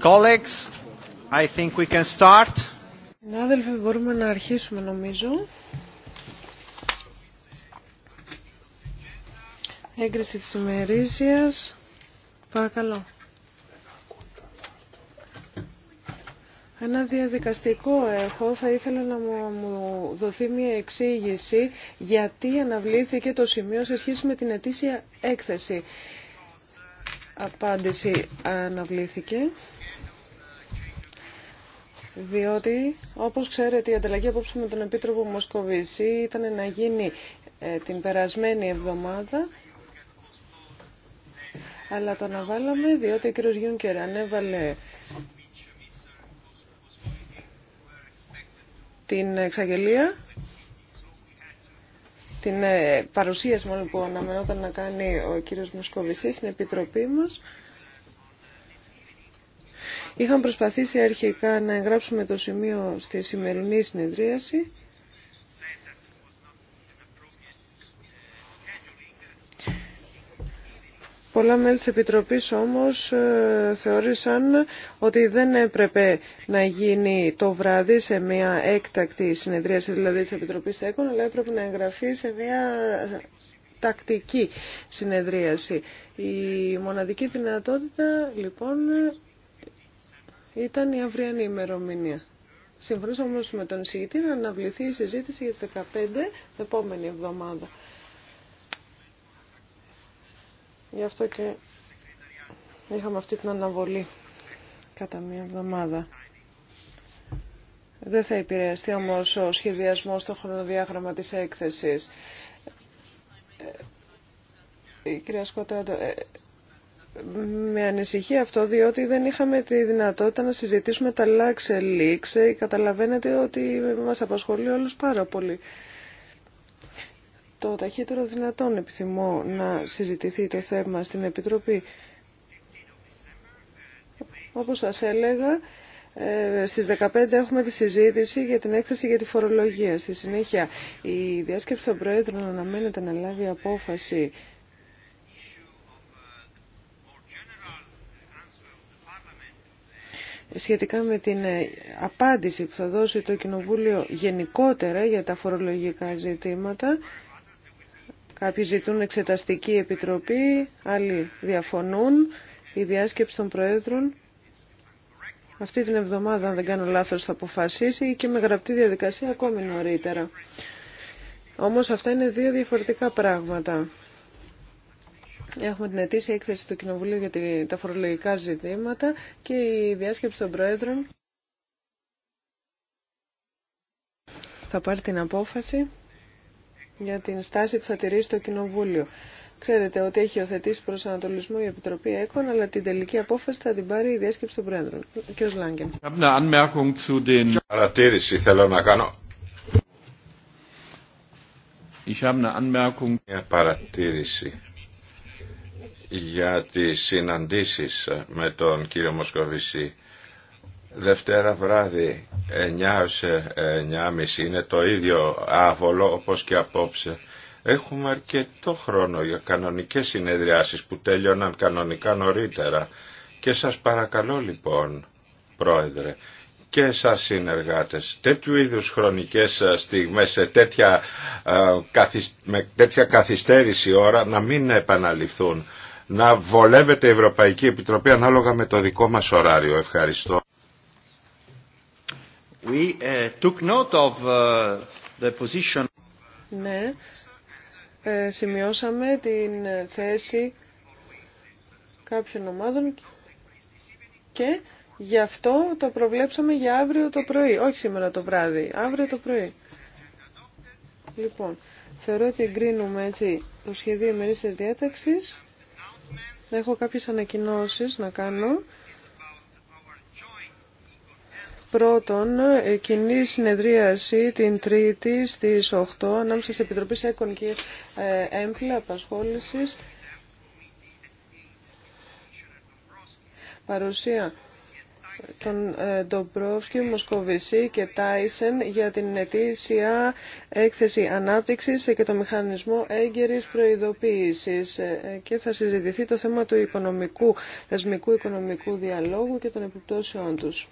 Colleagues, I think we can start. μπορούμε να αρχίσουμε νομίζω. Έγκριση της ημερήσιας. Παρακαλώ. Ένα διαδικαστικό έχω. Θα ήθελα να μου δοθεί μια εξήγηση γιατί αναβλήθηκε το σημείο σε σχέση με την ετήσια έκθεση απάντηση αναβλήθηκε διότι όπως ξέρετε η ανταλλαγή απόψε με τον Επίτροπο Μοσκοβίση ήταν να γίνει ε, την περασμένη εβδομάδα αλλά το αναβάλαμε διότι ο κ. Γιούνκερ ανέβαλε την εξαγγελία την ε, παρουσίαση μόνο που αναμενόταν να κάνει ο κύριος Μουσκοβησής στην Επιτροπή μας. Είχαμε προσπαθήσει αρχικά να εγγράψουμε το σημείο στη σημερινή συνεδρίαση. Πολλά μέλη της Επιτροπής όμως ε, θεώρησαν ότι δεν έπρεπε να γίνει το βράδυ σε μια έκτακτη συνεδρίαση δηλαδή της Επιτροπής ΕΚΟΝ, αλλά έπρεπε να εγγραφεί σε μια τακτική συνεδρίαση. Η μοναδική δυνατότητα λοιπόν ήταν η αυριανή ημερομηνία. Συμφωνήσαμε όμως με τον εισηγητή να αναβληθεί η συζήτηση για τις 15 επόμενη εβδομάδα. Γι' αυτό και είχαμε αυτή την αναβολή κατά μία εβδομάδα. Δεν θα επηρεαστεί όμως ο σχεδιασμός στο χρονοδιάγραμμα της έκθεσης. Ε, η κυρία Σκοτράτο, ε, με ανησυχεί αυτό διότι δεν είχαμε τη δυνατότητα να συζητήσουμε τα λάξε λήξε. Καταλαβαίνετε ότι μας απασχολεί όλους πάρα πολύ το ταχύτερο δυνατόν επιθυμώ να συζητηθεί το θέμα στην Επιτροπή. Όπως σας έλεγα, ε, στις 15 έχουμε τη συζήτηση για την έκθεση για τη φορολογία. Στη συνέχεια, η διάσκεψη των Προέδρων αναμένεται να λάβει απόφαση σχετικά με την ε, απάντηση που θα δώσει το Κοινοβούλιο γενικότερα για τα φορολογικά ζητήματα. Κάποιοι ζητούν εξεταστική επιτροπή, άλλοι διαφωνούν. Η διάσκεψη των Προέδρων αυτή την εβδομάδα, αν δεν κάνω λάθος, θα αποφασίσει και με γραπτή διαδικασία ακόμη νωρίτερα. Όμως αυτά είναι δύο διαφορετικά πράγματα. Έχουμε την ετήσια έκθεση του Κοινοβουλίου για τα φορολογικά ζητήματα και η διάσκεψη των Προέδρων θα πάρει την απόφαση για την στάση που θα τηρήσει το Κοινοβούλιο. Ξέρετε ότι έχει οθετήσει προς ανατολισμό η Επιτροπή ΕΚΟΝ, αλλά την τελική απόφαση θα την πάρει η Διέσκεψη των Πρόεδρων. Κ. Λάγκεν. Παρατήρηση θέλω να κάνω. Μια παρατήρηση για τις συναντήσεις με τον κύριο Μοσκοβισή. Δευτέρα βράδυ 9 9.30 ε, είναι το ίδιο άβολο όπως και απόψε. Έχουμε αρκετό χρόνο για κανονικές συνεδριάσεις που τέλειωναν κανονικά νωρίτερα. Και σας παρακαλώ λοιπόν, Πρόεδρε, και σας συνεργάτες, τέτοιου είδους χρονικές ε, στιγμές, σε τέτοια, ε, με τέτοια καθυστέρηση ώρα, να μην επαναληφθούν. Να βολεύεται η Ευρωπαϊκή Επιτροπή ανάλογα με το δικό μας ωράριο. Ευχαριστώ. Uh, uh, ναι, ε, σημειώσαμε την ε, θέση κάποιων ομάδων και γι' αυτό το προβλέψαμε για αύριο το πρωί, όχι σήμερα το βράδυ, αύριο το πρωί. Λοιπόν, θεωρώ ότι εγκρίνουμε έτσι το σχέδιο ημερήσιας διάταξης. Έχω κάποιες ανακοινώσεις να κάνω. Πρώτον, ε, κοινή συνεδρίαση την Τρίτη στις 8 ανάμεσα στην Επιτροπή ΣΕΚΟΝ και ε, Απασχόλησης. Παρουσία των ε, Ντομπρόφσκι, Μοσκοβισή και Τάισεν για την ετήσια έκθεση ανάπτυξης και το μηχανισμό έγκαιρης προειδοποίησης και θα συζητηθεί το θέμα του οικονομικού, θεσμικού οικονομικού διαλόγου και των επιπτώσεών τους.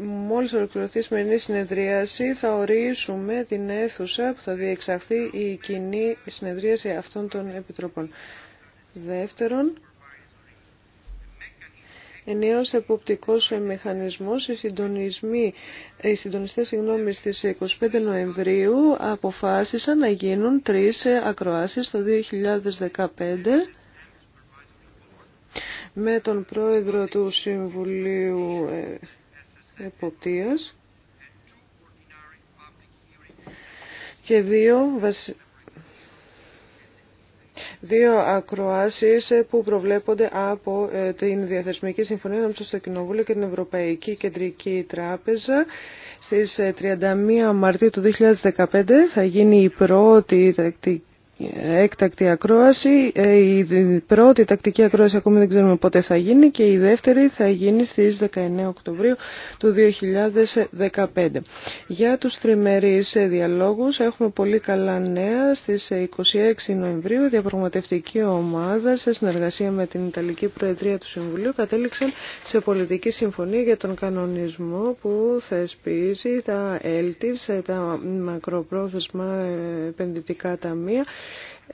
μόλις ολοκληρωθεί η σημερινή συνεδρίαση θα ορίσουμε την αίθουσα που θα διεξαχθεί η κοινή συνεδρίαση αυτών των επιτροπών. Δεύτερον, ενέως εποπτικός μηχανισμός, οι, συντονισμοί, οι συντονιστές συγγνώμη, στις 25 Νοεμβρίου αποφάσισαν να γίνουν τρεις ακροάσεις το 2015 με τον πρόεδρο του Συμβουλίου ε, εποπτείας και δύο, βασι... δύο ακροάσεις ε, που προβλέπονται από ε, την Διαθεσμική Συμφωνία ανάμεσα στο Κοινοβούλιο και την Ευρωπαϊκή Κεντρική Τράπεζα. Στις 31 ε, Μαρτίου του 2015 θα γίνει η πρώτη έκτακτη ακρόαση. Ε, η πρώτη τακτική ακρόαση ακόμη δεν ξέρουμε πότε θα γίνει και η δεύτερη θα γίνει στις 19 Οκτωβρίου του 2015. Για τους τριμερείς ε, διαλόγους έχουμε πολύ καλά νέα. Στις 26 ε, Νοεμβρίου η διαπραγματευτική ομάδα σε συνεργασία με την Ιταλική Προεδρία του Συμβουλίου κατέληξε σε πολιτική συμφωνία για τον κανονισμό που θεσπίζει τα σε τα μακροπρόθεσμα επενδυτικά ταμεία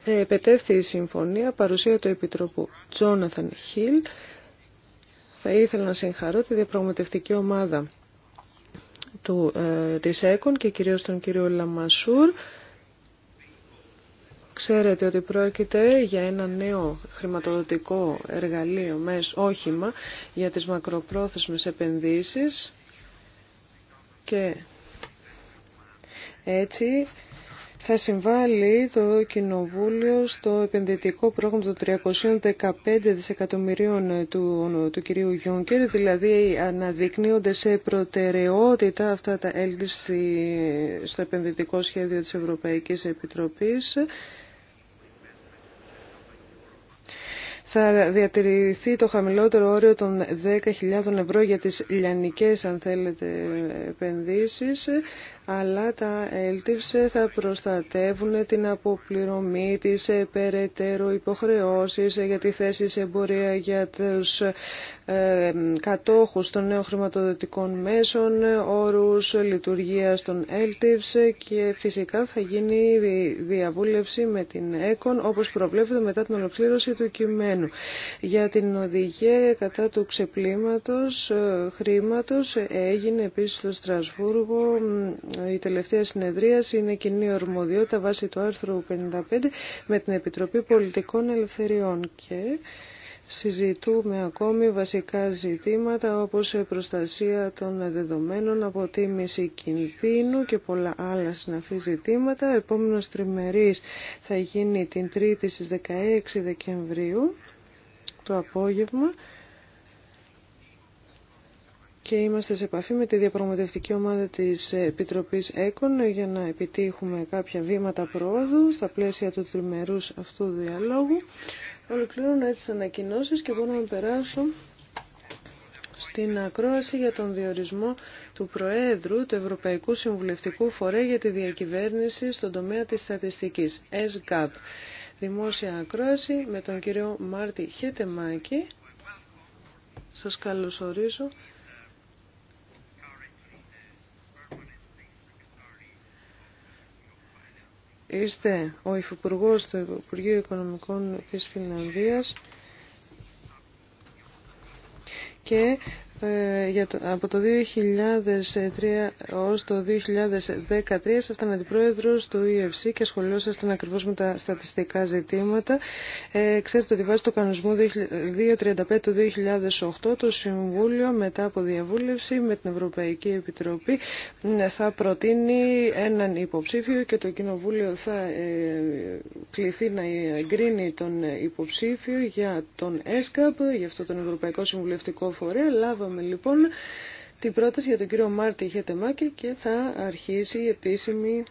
Επετεύθη η συμφωνία παρουσία του Επιτροπού Τζόναθαν Χιλ. Θα ήθελα να συγχαρώ τη διαπραγματευτική ομάδα του, ε, της ΕΚΟΝ και κυρίως τον κύριο Λαμασούρ. Ξέρετε ότι πρόκειται για ένα νέο χρηματοδοτικό εργαλείο, μες όχημα, για τις μακροπρόθεσμες επενδύσεις και έτσι θα συμβάλλει το Κοινοβούλιο στο επενδυτικό πρόγραμμα των 315 δισεκατομμυρίων του, του κυρίου Γιούνκερ, δηλαδή αναδεικνύονται σε προτεραιότητα αυτά τα έλλειψη στο επενδυτικό σχέδιο της Ευρωπαϊκής Επιτροπής. θα διατηρηθεί το χαμηλότερο όριο των 10.000 ευρώ για τις λιανικές αν θέλετε επενδύσεις αλλά τα έλτιψε θα προστατεύουν την αποπληρωμή της ε, περαιτέρω υποχρεώσεις για τη θέση σε εμπορία για τους ε, κατόχους των νέων χρηματοδοτικών μέσων, όρους λειτουργίας των έλτιψε και φυσικά θα γίνει διαβούλευση με την ΕΚΟΝ όπως προβλέπεται μετά την ολοκλήρωση του κειμένου. Για την οδηγία κατά του ξεπλήματος ε, χρήματος έγινε επίσης στο Στρασβούργο η τελευταία συνεδρίαση είναι κοινή ορμοδιότητα βάσει του άρθρου 55 με την Επιτροπή Πολιτικών Ελευθεριών και συζητούμε ακόμη βασικά ζητήματα όπως η προστασία των δεδομένων, αποτίμηση κινδύνου και πολλά άλλα συναφή ζητήματα. Επόμενος τριμερής θα γίνει την 3η στις 16 Δεκεμβρίου το απόγευμα και είμαστε σε επαφή με τη διαπραγματευτική ομάδα της Επιτροπής ΕΚΟΝ για να επιτύχουμε κάποια βήματα προόδου στα πλαίσια του τριμερούς αυτού διαλόγου. Ολοκληρώνω έτσι τις ανακοινώσεις και μπορώ να περάσω στην ακρόαση για τον διορισμό του Προέδρου του Ευρωπαϊκού Συμβουλευτικού Φορέα για τη Διακυβέρνηση στον τομέα της στατιστικής, ΕΣΚΑΠ. Δημόσια ακρόαση με τον κύριο Μάρτι Χετεμάκη. Σας καλωσορίζω είστε ο Υφυπουργό του Υπουργείου Οικονομικών της Φιλανδίας και ε, από το 2003 ως το 2013 ήσασταν αντιπρόεδρος του EFC και ασχολούσασταν ακριβώς με τα στατιστικά ζητήματα. Ε, ξέρετε ότι βάσει το κανονισμό 235 του 2008 το Συμβούλιο μετά από διαβούλευση με την Ευρωπαϊκή Επιτροπή θα προτείνει έναν υποψήφιο και το Κοινοβούλιο θα ε, κληθεί να εγκρίνει τον υποψήφιο για τον ΕΣΚΑΠ, για αυτό τον Ευρωπαϊκό Συμβουλευτικό Φορέα λοιπόν την πρόταση για τον κύριο Μάρτι Χετεμάκη και θα αρχίσει η επίσημη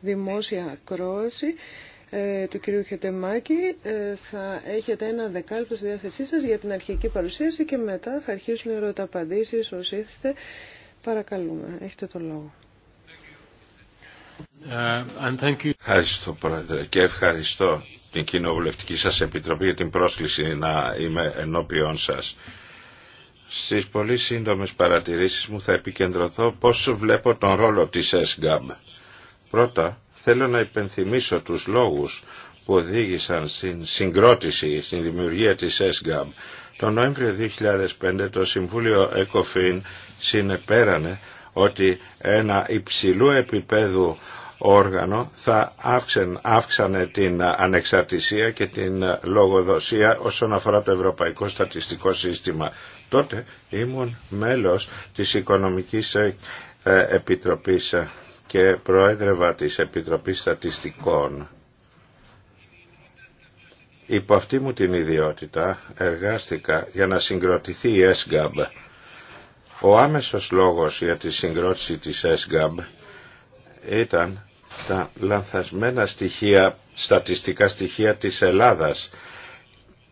δημόσια ακρόαση ε, του κυρίου Χετεμάκη. Ε, θα έχετε ένα δεκάλεπτο στη διάθεσή σας για την αρχική παρουσίαση και μετά θα αρχίσουν οι ερωταπαντήσεις όσοι Παρακαλούμε, έχετε το λόγο. Ε, ευχαριστώ Πρόεδρε και ευχαριστώ την Κοινοβουλευτική σας Επιτροπή για την πρόσκληση να είμαι ενώπιόν σας. Στις πολύ σύντομες παρατηρήσεις μου θα επικεντρωθώ πώς βλέπω τον ρόλο της ΕΣΓΑΜ. Πρώτα, θέλω να υπενθυμίσω τους λόγους που οδήγησαν στην συγκρότηση, στην δημιουργία της ΕΣΓΑΜ. Το Νοέμβριο 2005 το Συμβούλιο ΕΚΟΦΗΝ συνεπέρανε ότι ένα υψηλού επίπεδου όργανο θα αύξανε την ανεξαρτησία και την λογοδοσία όσον αφορά το Ευρωπαϊκό Στατιστικό Σύστημα. Τότε ήμουν μέλος της Οικονομικής ε, ε, Επιτροπής ε, και προέδρευα της Επιτροπής Στατιστικών. Υπό αυτή μου την ιδιότητα εργάστηκα για να συγκροτηθεί η ΕΣΓΑΜ. Ο άμεσος λόγος για τη συγκρότηση της ΕΣΓΑΜ ήταν τα λανθασμένα στοιχεία, στατιστικά στοιχεία της Ελλάδας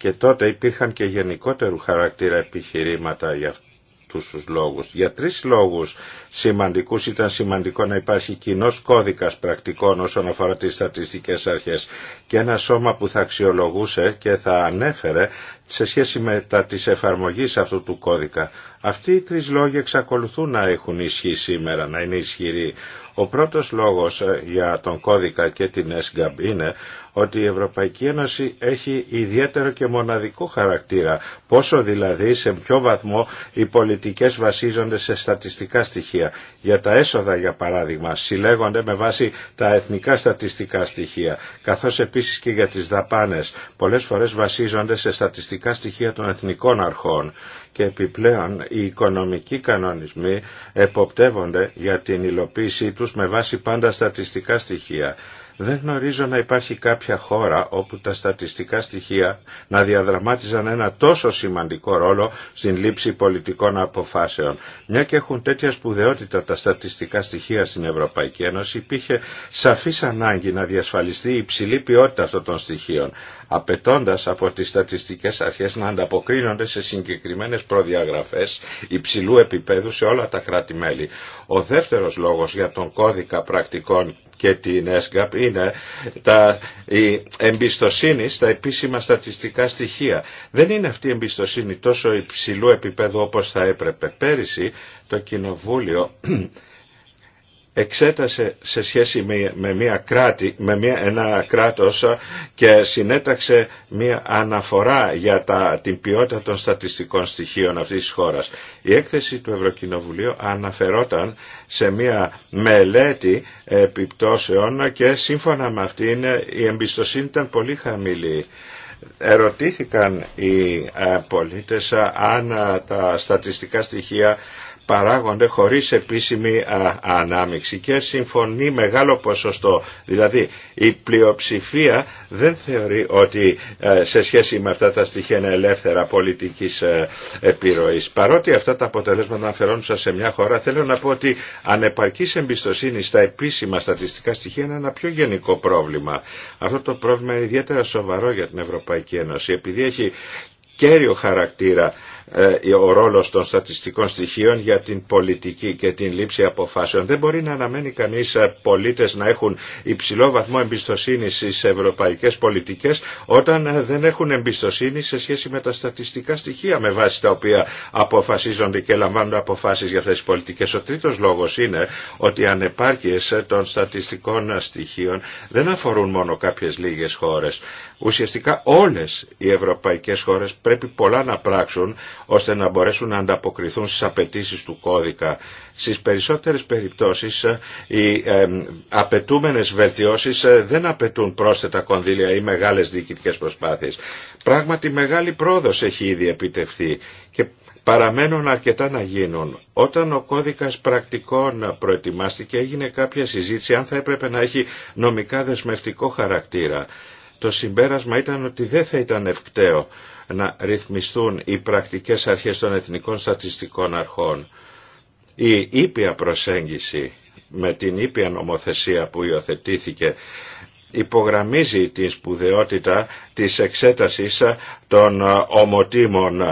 και τότε υπήρχαν και γενικότερου χαρακτήρα επιχειρήματα για αυτό τους λόγους. Για τρεις λόγους σημαντικούς ήταν σημαντικό να υπάρχει κοινό κώδικας πρακτικών όσον αφορά τις στατιστικές αρχές και ένα σώμα που θα αξιολογούσε και θα ανέφερε σε σχέση με τα της εφαρμογής αυτού του κώδικα. Αυτοί οι τρεις λόγοι εξακολουθούν να έχουν ισχύ σήμερα, να είναι ισχυροί. Ο πρώτος λόγος ε, για τον κώδικα και την ΕΣΓΑΜ είναι ότι η Ευρωπαϊκή Ένωση έχει ιδιαίτερο και μοναδικό χαρακτήρα. Πόσο δηλαδή, σε ποιο βαθμό οι πολιτικές βασίζονται σε στατιστικά στοιχεία. Για τα έσοδα, για παράδειγμα, συλλέγονται με βάση τα εθνικά στατιστικά στοιχεία, καθώς επίσης και για τις δαπάνες. Πολλές φορές βασίζονται σε στατιστικά στατιστικά στοιχεία των εθνικών αρχών και επιπλέον οι οικονομικοί κανονισμοί εποπτεύονται για την υλοποίησή τους με βάση πάντα στατιστικά στοιχεία. Δεν γνωρίζω να υπάρχει κάποια χώρα όπου τα στατιστικά στοιχεία να διαδραμάτιζαν ένα τόσο σημαντικό ρόλο στην λήψη πολιτικών αποφάσεων. Μια και έχουν τέτοια σπουδαιότητα τα στατιστικά στοιχεία στην Ευρωπαϊκή Ένωση, υπήρχε σαφής ανάγκη να διασφαλιστεί η υψηλή ποιότητα αυτών των στοιχείων απαιτώντας από τις στατιστικές αρχές να ανταποκρίνονται σε συγκεκριμένες προδιαγραφές υψηλού επίπεδου σε όλα τα κράτη-μέλη. Ο δεύτερος λόγος για τον κώδικα πρακτικών και την ΕΣΚΑΠ είναι τα, η εμπιστοσύνη στα επίσημα στατιστικά στοιχεία. Δεν είναι αυτή η εμπιστοσύνη τόσο υψηλού επίπεδου όπως θα έπρεπε. Πέρυσι το Κοινοβούλιο εξέτασε σε σχέση με, μια κράτη, με μια, ένα κράτος και συνέταξε μια αναφορά για τα, την ποιότητα των στατιστικών στοιχείων αυτής της χώρας. Η έκθεση του Ευρωκοινοβουλίου αναφερόταν σε μια μελέτη επιπτώσεων και σύμφωνα με είναι, η εμπιστοσύνη ήταν πολύ χαμηλή. Ερωτήθηκαν οι ε, πολίτες αν ε, τα στατιστικά στοιχεία παράγονται χωρίς επίσημη ανάμειξη και συμφωνεί μεγάλο ποσοστό. Δηλαδή η πλειοψηφία δεν θεωρεί ότι ε, σε σχέση με αυτά τα στοιχεία είναι ελεύθερα πολιτικής ε, επιρροής. Παρότι αυτά τα αποτελέσματα αναφερόντουσαν σε μια χώρα θέλω να πω ότι ανεπαρκής εμπιστοσύνη στα επίσημα στατιστικά στοιχεία είναι ένα πιο γενικό πρόβλημα. Αυτό το πρόβλημα είναι ιδιαίτερα σοβαρό για την Ευρωπαϊκή Ένωση επειδή έχει κέριο χαρακτήρα ε, ο ρόλος των στατιστικών στοιχείων για την πολιτική και την λήψη αποφάσεων. Δεν μπορεί να αναμένει κανείς ε, πολίτες να έχουν υψηλό βαθμό εμπιστοσύνη στις ευρωπαϊκές πολιτικές όταν ε, δεν έχουν εμπιστοσύνη σε σχέση με τα στατιστικά στοιχεία με βάση τα οποία αποφασίζονται και λαμβάνουν αποφάσεις για αυτές πολιτικές. Ο τρίτος λόγος είναι ότι οι ανεπάρκειες των στατιστικών στοιχείων δεν αφορούν μόνο κάποιες λίγες χώρες. Ουσιαστικά όλες οι ευρωπαϊκές χώρες πρέπει πολλά να πράξουν ώστε να μπορέσουν να ανταποκριθούν στις απαιτήσεις του κώδικα. Στις περισσότερες περιπτώσεις ε, οι ε, απαιτούμενες βελτιώσεις ε, δεν απαιτούν πρόσθετα κονδύλια ή μεγάλες διοικητικές προσπάθειες. Πράγματι μεγάλη πρόοδος έχει ήδη επιτευχθεί και παραμένουν αρκετά να γίνουν. Όταν ο κώδικας πρακτικών προετοιμάστηκε έγινε κάποια συζήτηση αν θα έπρεπε να έχει νομικά δεσμευτικό χαρακτήρα. Το συμπέρασμα ήταν ότι δεν θα ήταν ευκταίο να ρυθμιστούν οι πρακτικές αρχές των εθνικών στατιστικών αρχών. Η ήπια προσέγγιση με την ήπια νομοθεσία που υιοθετήθηκε υπογραμμίζει την σπουδαιότητα της εξέτασης των ομοτήμων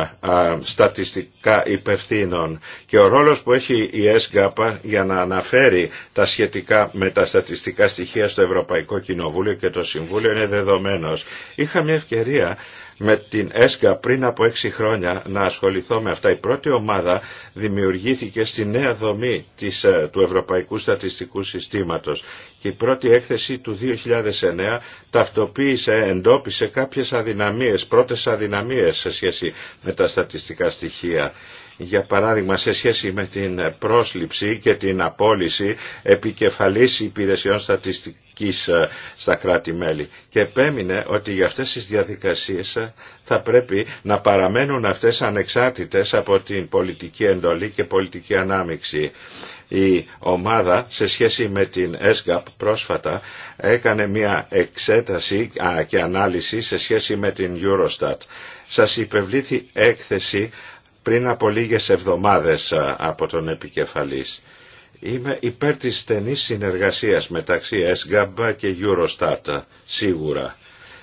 στατιστικά υπευθύνων και ο ρόλος που έχει η ΕΣΚΑΠΑ για να αναφέρει τα σχετικά με τα στατιστικά στοιχεία στο Ευρωπαϊκό Κοινοβούλιο και το Συμβούλιο είναι δεδομένος. Είχα μια ευκαιρία με την ΕΣΚΑ πριν από έξι χρόνια να ασχοληθώ με αυτά. Η πρώτη ομάδα δημιουργήθηκε στη νέα δομή της, ε, του Ευρωπαϊκού Στατιστικού Συστήματος και η πρώτη έκθεση του 2009 ταυτοποίησε, εντόπισε κάποιες αδυναμίες, πρώτες αδυναμίες σε σχέση με τα στατιστικά στοιχεία για παράδειγμα σε σχέση με την πρόσληψη και την απόλυση επικεφαλής υπηρεσιών στατιστικών ε, στα κράτη-μέλη. Και επέμεινε ότι για αυτές τις διαδικασίες ε, θα πρέπει να παραμένουν αυτές ανεξάρτητες από την πολιτική εντολή και πολιτική ανάμειξη. Η ομάδα σε σχέση με την ΕΣΓΑΠ πρόσφατα έκανε μια εξέταση και ανάλυση σε σχέση με την Eurostat. Σας υπευλήθη έκθεση πριν από λίγες εβδομάδες ε, από τον επικεφαλής. Είμαι υπέρ της στενής συνεργασίας μεταξύ ΕΣΓΑΜΠΑ και Eurostat, σίγουρα.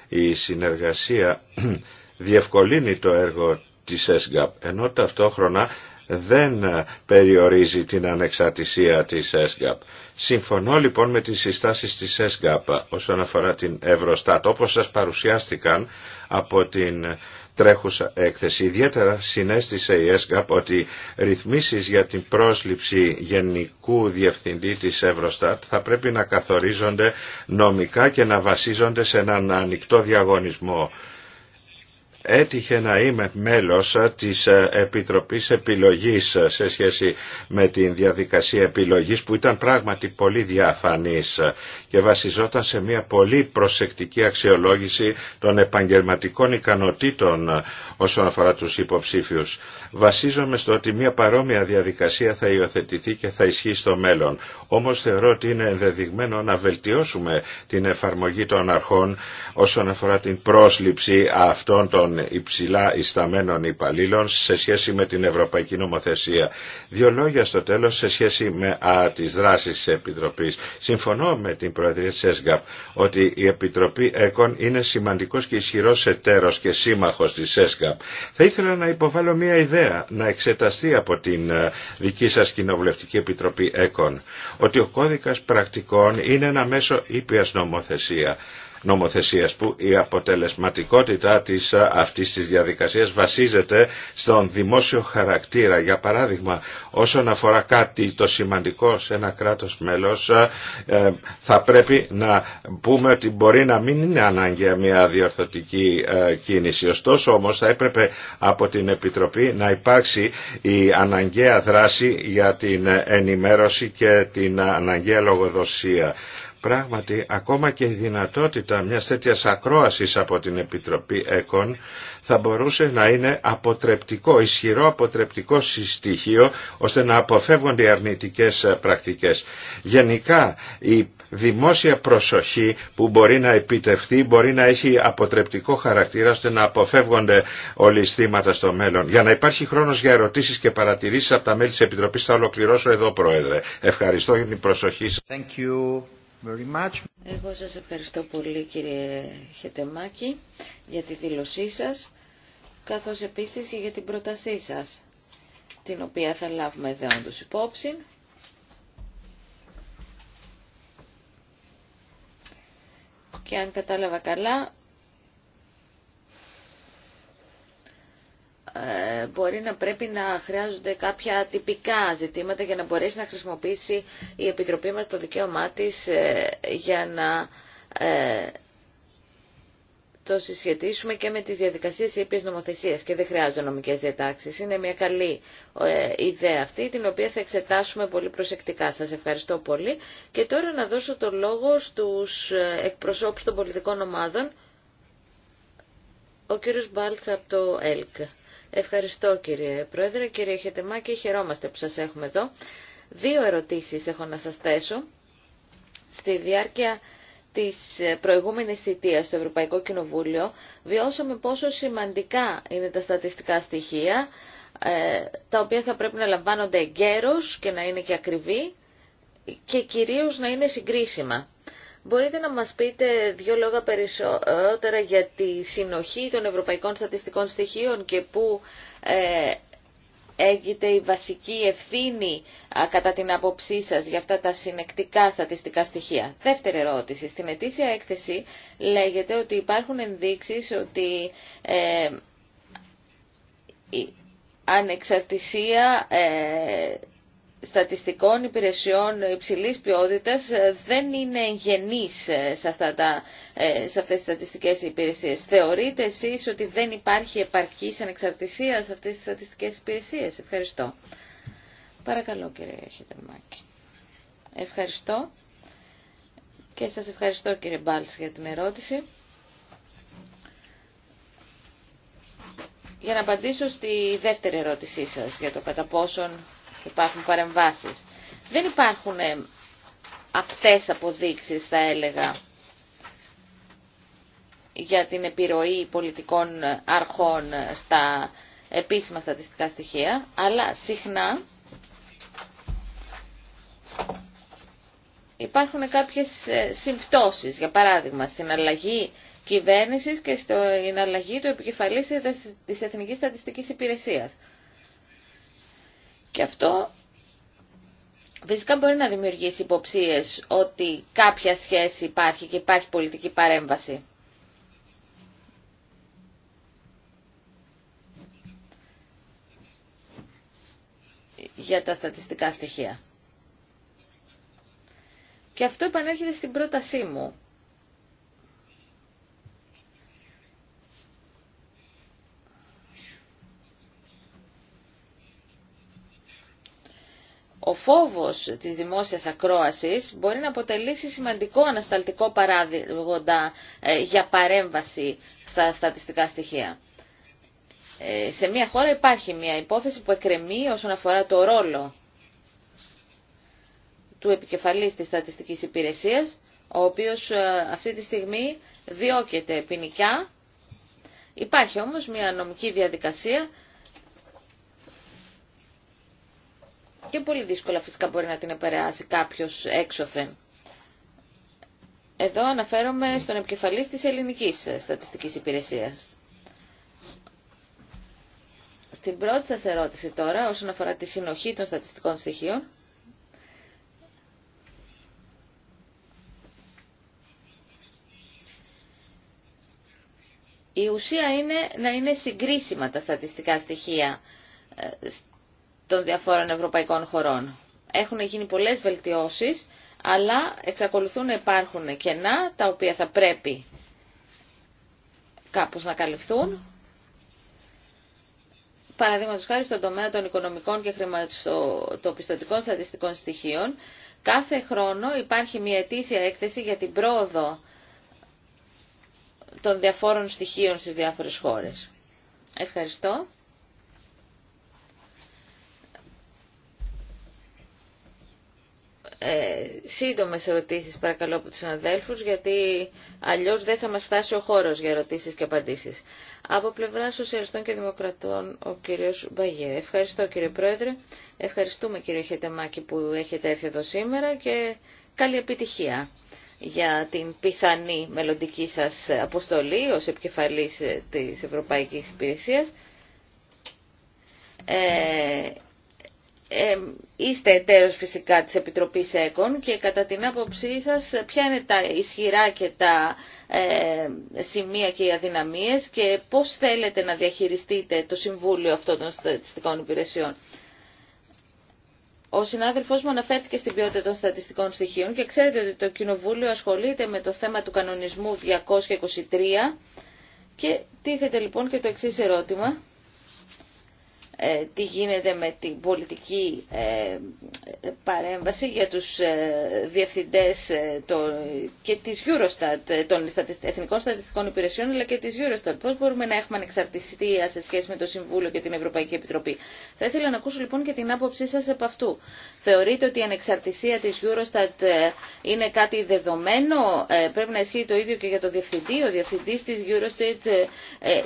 Η συνεργασία διευκολύνει το έργο της ΕΣΓΑΠ, ενώ ταυτόχρονα δεν περιορίζει την ανεξαρτησία της ΕΣΓΑΠ. Συμφωνώ λοιπόν με τις συστάσεις της ΕΣΓΑΠ όσον αφορά την Ευρωστάτ, όπως σας παρουσιάστηκαν από την τρέχουσα έκθεση. Ιδιαίτερα συνέστησε η ΕΣΚΑΠ ότι ρυθμίσεις για την πρόσληψη γενικού διευθυντή της Ευρωστάτ θα πρέπει να καθορίζονται νομικά και να βασίζονται σε έναν ανοιχτό διαγωνισμό έτυχε να είμαι μέλος της ε, Επιτροπής Επιλογής σε σχέση με την διαδικασία επιλογής που ήταν πράγματι πολύ διαφανής και βασιζόταν σε μια πολύ προσεκτική αξιολόγηση των επαγγελματικών ικανοτήτων όσον αφορά τους υποψήφιους. Βασίζομαι στο ότι μια παρόμοια διαδικασία θα υιοθετηθεί και θα ισχύει στο μέλλον. Όμως θεωρώ ότι είναι ενδεδειγμένο να βελτιώσουμε την εφαρμογή των αρχών όσον αφορά την πρόσληψη αυτών των υψηλά ισταμένων υπαλλήλων σε σχέση με την Ευρωπαϊκή Νομοθεσία. Δύο λόγια στο τέλος σε σχέση με α, τις δράσεις της Επιτροπής. Συμφωνώ με την Προεδρία της ΕΣΓΑΠ ότι η Επιτροπή ΕΚΟΝ είναι σημαντικός και ισχυρός εταίρος και σύμμαχος της ΕΣΓΑΠ. Θα ήθελα να υποβάλω μια ιδέα να εξεταστεί από την ε, δική σας Κοινοβουλευτική Επιτροπή ΕΚΟΝ ότι ο κώδικας πρακτικών είναι ένα μέσο ήπιας νομοθεσία νομοθεσίας που η αποτελεσματικότητα της, αυτής της διαδικασίας βασίζεται στον δημόσιο χαρακτήρα. Για παράδειγμα, όσον αφορά κάτι το σημαντικό σε ένα κράτος μέλος ε, θα πρέπει να πούμε ότι μπορεί να μην είναι ανάγκη μια διορθωτική ε, κίνηση. Ωστόσο όμως θα έπρεπε από την Επιτροπή να υπάρξει η αναγκαία δράση για την ενημέρωση και την αναγκαία λογοδοσία. Πράγματι, ακόμα και η δυνατότητα μιας τέτοιας ακρόασης από την Επιτροπή ΕΚΟΝ θα μπορούσε να είναι αποτρεπτικό, ισχυρό αποτρεπτικό συστοιχείο ώστε να αποφεύγονται οι αρνητικές πρακτικές. Γενικά, η δημόσια προσοχή που μπορεί να επιτευχθεί μπορεί να έχει αποτρεπτικό χαρακτήρα ώστε να αποφεύγονται όλοι στήματα στο μέλλον. Για να υπάρχει χρόνος για ερωτήσεις και παρατηρήσεις από τα μέλη της Επιτροπής θα ολοκληρώσω εδώ Πρόεδρε. Ευχαριστώ για την προσοχή σας. Εγώ σας ευχαριστώ πολύ κύριε Χετεμάκη για τη δήλωσή σας, καθώς επίσης και για την πρότασή σας, την οποία θα λάβουμε δεόντως υπόψη. Και αν κατάλαβα καλά, Ε, μπορεί να πρέπει να χρειάζονται κάποια τυπικά ζητήματα για να μπορέσει να χρησιμοποιήσει η Επιτροπή μας το δικαίωμά της ε, για να ε, το συσχετίσουμε και με τις διαδικασίες ήπιας νομοθεσίας και δεν χρειάζονται νομικές διατάξεις. Είναι μια καλή ιδέα αυτή, την οποία θα εξετάσουμε πολύ προσεκτικά. Σας ευχαριστώ πολύ. Και τώρα να δώσω το λόγο στους εκπροσώπους των πολιτικών ομάδων. Ο κύριος Μπάλτς από το ΕΛΚ. Ευχαριστώ κύριε Πρόεδρε, κύριε και χαιρόμαστε που σας έχουμε εδώ. Δύο ερωτήσεις έχω να σας θέσω. Στη διάρκεια της προηγούμενης θητείας στο Ευρωπαϊκό Κοινοβούλιο βιώσαμε πόσο σημαντικά είναι τα στατιστικά στοιχεία, ε, τα οποία θα πρέπει να λαμβάνονται εγκαίρως και να είναι και ακριβή και κυρίως να είναι συγκρίσιμα. Μπορείτε να μας πείτε δύο λόγα περισσότερα για τη συνοχή των ευρωπαϊκών στατιστικών στοιχείων και πού ε, έγινε η βασική ευθύνη κατά την άποψή σας για αυτά τα συνεκτικά στατιστικά στοιχεία. Δεύτερη ερώτηση. Στην ετήσια έκθεση λέγεται ότι υπάρχουν ενδείξεις ότι ε, η ανεξαρτησία ε, στατιστικών υπηρεσιών υψηλής ποιότητας ε, δεν είναι γενείς ε, σε, αυτά τα, ε, σε αυτές τις στατιστικές υπηρεσίες. Θεωρείτε εσείς ότι δεν υπάρχει επαρκής ανεξαρτησία σε αυτές τις στατιστικές υπηρεσίες. Ευχαριστώ. Παρακαλώ κύριε Χιτερμάκη. Ευχαριστώ. Και σας ευχαριστώ κύριε Μπάλς για την ερώτηση. Για να απαντήσω στη δεύτερη ερώτησή σας για το κατά πόσον υπάρχουν παρεμβάσεις. Δεν υπάρχουν ε, απτές αποδείξεις θα έλεγα για την επιρροή πολιτικών αρχών στα επίσημα στατιστικά στοιχεία, αλλά συχνά υπάρχουν κάποιες ε, συμπτώσεις, για παράδειγμα, στην αλλαγή κυβέρνησης και στην αλλαγή του επικεφαλής της Εθνικής Στατιστικής Υπηρεσίας. Και αυτό Φυσικά μπορεί να δημιουργήσει υποψίες ότι κάποια σχέση υπάρχει και υπάρχει πολιτική παρέμβαση. για τα στατιστικά στοιχεία. Και αυτό επανέρχεται στην πρότασή μου. ο φόβος της δημόσιας ακρόασης μπορεί να αποτελήσει σημαντικό ανασταλτικό παράδειγμα ε, για παρέμβαση στα στατιστικά στοιχεία. Ε, σε μια χώρα υπάρχει μια υπόθεση που εκκρεμεί όσον αφορά το ρόλο του επικεφαλής της στατιστικής υπηρεσίας, ο οποίος ε, αυτή τη στιγμή διώκεται ποινικά. Υπάρχει όμως μια νομική διαδικασία και πολύ δύσκολα φυσικά μπορεί να την επηρεάσει κάποιος έξωθεν. Εδώ αναφέρομαι στον επικεφαλής της ελληνικής στατιστικής υπηρεσίας. Στην πρώτη σας ερώτηση τώρα, όσον αφορά τη συνοχή των στατιστικών στοιχείων, η ουσία είναι να είναι συγκρίσιμα τα στατιστικά στοιχεία ε, των διαφόρων ευρωπαϊκών χωρών. Έχουν γίνει πολλές βελτιώσεις, αλλά εξακολουθούν να υπάρχουν κενά τα οποία θα πρέπει κάπως να καλυφθούν. Παραδείγματος χάρη στον τομέα των οικονομικών και χρηματοπιστωτικών στατιστικών στοιχείων, κάθε χρόνο υπάρχει μια ετήσια έκθεση για την πρόοδο των διαφόρων στοιχείων στις διάφορες χώρες. Ευχαριστώ. ε, σύντομες ερωτήσεις παρακαλώ από τους αδέλφους γιατί αλλιώς δεν θα μας φτάσει ο χώρος για ερωτήσεις και απαντήσεις. Από πλευρά Σοσιαλιστών και Δημοκρατών ο κύριος Μπαγιέ. Ευχαριστώ κύριε Πρόεδρε, ευχαριστούμε κύριε Χετεμάκη που έχετε έρθει εδώ σήμερα και καλή επιτυχία για την πιθανή μελλοντική σας αποστολή ως επικεφαλής της Ευρωπαϊκής Υπηρεσίας. Ε, είστε εταίρος φυσικά της Επιτροπής ΕΚΟΝ και κατά την άποψή σας ποια είναι τα ισχυρά και τα ε, σημεία και οι αδυναμίες και πώς θέλετε να διαχειριστείτε το Συμβούλιο αυτών των στατιστικών υπηρεσιών. Ο συνάδελφό μου αναφέρθηκε στην ποιότητα των στατιστικών στοιχείων και ξέρετε ότι το Κοινοβούλιο ασχολείται με το θέμα του κανονισμού 223 και τίθεται λοιπόν και το εξής ερώτημα. Ε, τι γίνεται με την πολιτική ε, παρέμβαση για τους ε, διευθυντές και της Eurostat, των Εθνικών Στατιστικών Υπηρεσιών, αλλά και της Eurostat. Πώς μπορούμε να έχουμε ανεξαρτησία σε σχέση με το Συμβούλιο και την Ευρωπαϊκή Επιτροπή. Θα ήθελα να ακούσω λοιπόν και την άποψή σας από αυτού. Θεωρείτε ότι η ανεξαρτησία της Eurostat είναι κάτι δεδομένο, πρέπει να ισχύει το ίδιο και για το διευθυντή. Ο διευθυντής της Eurostat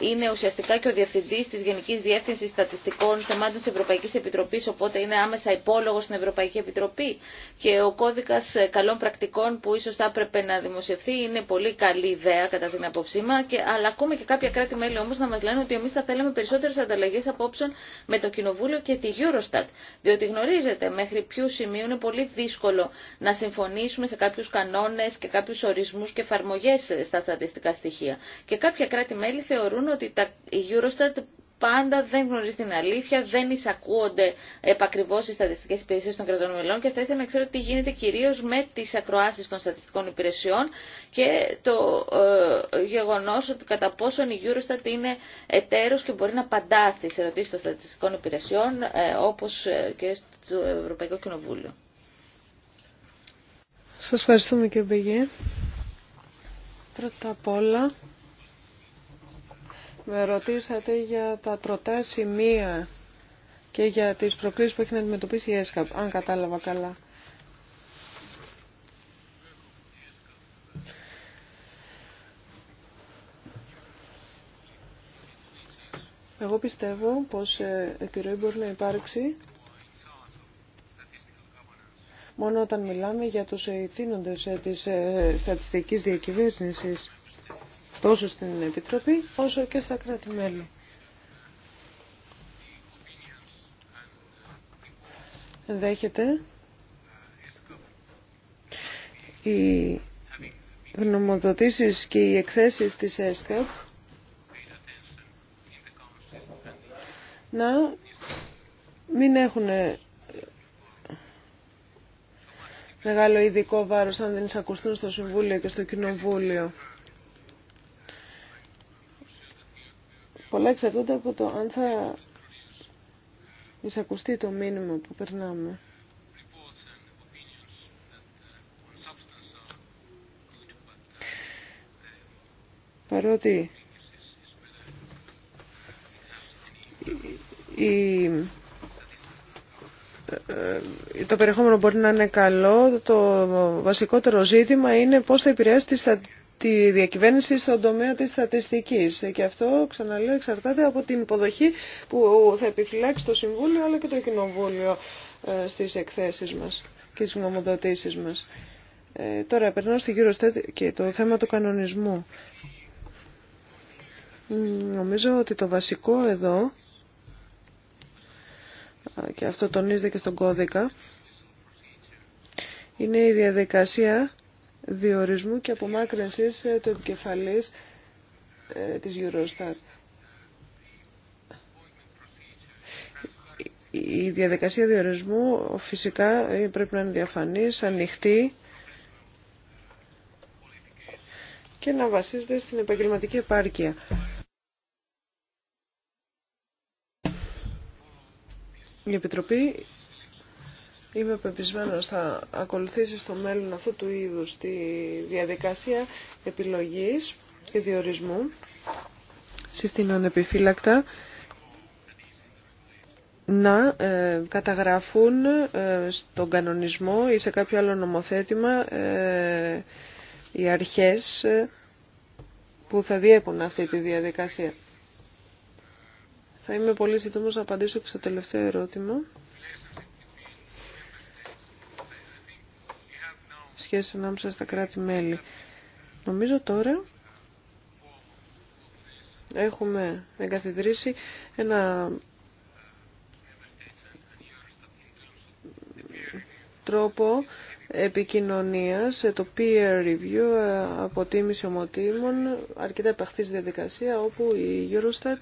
είναι ουσιαστικά και ο διευθυντής της Γενικής Διεύθυνσης Στατιστικών λοιπόν θεμάτων της Ευρωπαϊκής Επιτροπής, οπότε είναι άμεσα υπόλογο στην Ευρωπαϊκή Επιτροπή και ο κώδικας ε, καλών πρακτικών που ίσως θα έπρεπε να δημοσιευθεί είναι πολύ καλή ιδέα κατά την απόψή μα, και, αλλά ακούμε και κάποια κράτη-μέλη όμως να μας λένε ότι εμείς θα θέλαμε περισσότερες ανταλλαγές απόψεων με το Κοινοβούλιο και τη Eurostat, διότι γνωρίζετε μέχρι ποιου σημείου είναι πολύ δύσκολο να συμφωνήσουμε σε κάποιους κανόνες και κάποιου ορισμού και εφαρμογέ στα στατιστικά στοιχεία. Και κάποια κράτη-μέλη θεωρούν ότι η Eurostat πάντα δεν γνωρίζει την αλήθεια, δεν εισακούονται επακριβώ οι στατιστικέ υπηρεσίε των κρατών μελών και θα ήθελα να ξέρω τι γίνεται κυρίω με τι ακροάσει των στατιστικών υπηρεσιών και το ε, γεγονό ότι κατά πόσον η Eurostat είναι εταίρο και μπορεί να απαντά στι ερωτήσει των στατιστικών υπηρεσιών ε, όπω ε, και στο Ευρωπαϊκό Κοινοβούλιο. Σας ευχαριστούμε κύριε Μπεγέ. Πρώτα απ' όλα με ρωτήσατε για τα τροτά σημεία και για τις προκλήσεις που έχει να αντιμετωπίσει η ΕΣΚΑΠ, αν κατάλαβα καλά. Εγώ πιστεύω πως ε, επιρροή μπορεί να υπάρξει μόνο όταν μιλάμε για τους ηθήνοντες ε, της ε, στατιστικής διακυβέρνησης τόσο στην Επιτροπή όσο και στα κράτη-μέλη. Δέχεται οι γνωμοδοτήσεις και οι εκθέσεις της ΕΣΚΑΠ να μην έχουν μεγάλο ειδικό βάρος αν δεν εισακουστούν στο Συμβούλιο και στο Κοινοβούλιο. Πολλά εξαρτώνται από το αν θα εισακουστεί το μήνυμα που περνάμε. Παρότι το περιεχόμενο μπορεί να είναι καλό, το βασικότερο ζήτημα είναι πώς θα επηρεάσει τη τη διακυβέρνηση στον τομέα της στατιστικής. Και αυτό, ξαναλέω, εξαρτάται από την υποδοχή που θα επιφυλάξει το Συμβούλιο αλλά και το Κοινοβούλιο ε, στις εκθέσεις μας και στις γνωμοδοτήσεις μας. Ε, τώρα, περνάω στη γύρω και το θέμα του κανονισμού. Νομίζω ότι το βασικό εδώ, ε, και αυτό τονίζεται και στον κώδικα, είναι η διαδικασία διορισμού και απομάκρυνσης ε, του επικεφαλής ε, της Eurostat. Η διαδικασία διορισμού φυσικά ε, πρέπει να είναι διαφανής, ανοιχτή και να βασίζεται στην επαγγελματική επάρκεια. Η Επιτροπή είμαι πεπισμένο θα ακολουθήσει στο μέλλον αυτού του είδους τη διαδικασία επιλογής και διορισμού. συστήνων ανεπιφύλακτα να ε, καταγραφούν ε, στον κανονισμό ή σε κάποιο άλλο νομοθέτημα ε, οι αρχές που θα διέπουν αυτή τη διαδικασία. Θα είμαι πολύ σύντομος να απαντήσω και στο τελευταίο ερώτημα. σχέση ανάμεσα στα κράτη-μέλη. Νομίζω τώρα έχουμε εγκαθιδρύσει ένα τρόπο επικοινωνίας, το peer review, αποτίμηση ομοτήμων, αρκετά επαχθής διαδικασία όπου η Eurostat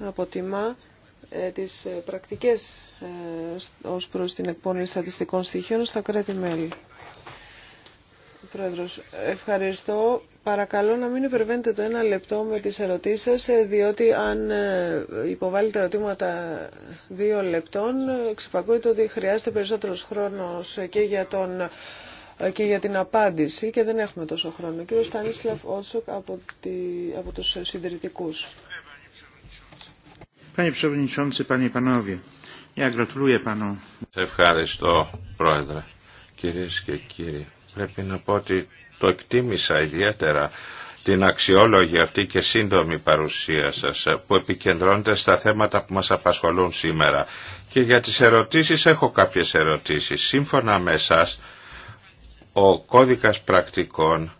αποτιμά ε, τις ε, πρακτικές ε, ως προς την εκπόνηση στατιστικών στοιχείων στα κράτη-μέλη. Πρόεδρος, ευχαριστώ. Παρακαλώ να μην υπερβαίνετε το ένα λεπτό με τις ερωτήσεις σας, ε, διότι αν ε, υποβάλλετε ερωτήματα δύο λεπτών, ξυπακούεται ότι χρειάζεται περισσότερος χρόνος και για, την απάντηση και δεν έχουμε τόσο χρόνο. Κύριο Στανίσλαφ Ότσοκ από, τη, από τους συντηρητικούς. Panie Przewodniczący, Ευχαριστώ πρόεδρε. Κυρίες και κύριοι, πρέπει να πω ότι το εκτίμησα ιδιαίτερα την αξιόλογη αυτή και σύντομη παρουσία σας που επικεντρώνεται στα θέματα που μας απασχολούν σήμερα. Και για τις ερωτήσεις έχω κάποιες ερωτήσεις. Σύμφωνα με εσάς, ο κώδικας πρακτικών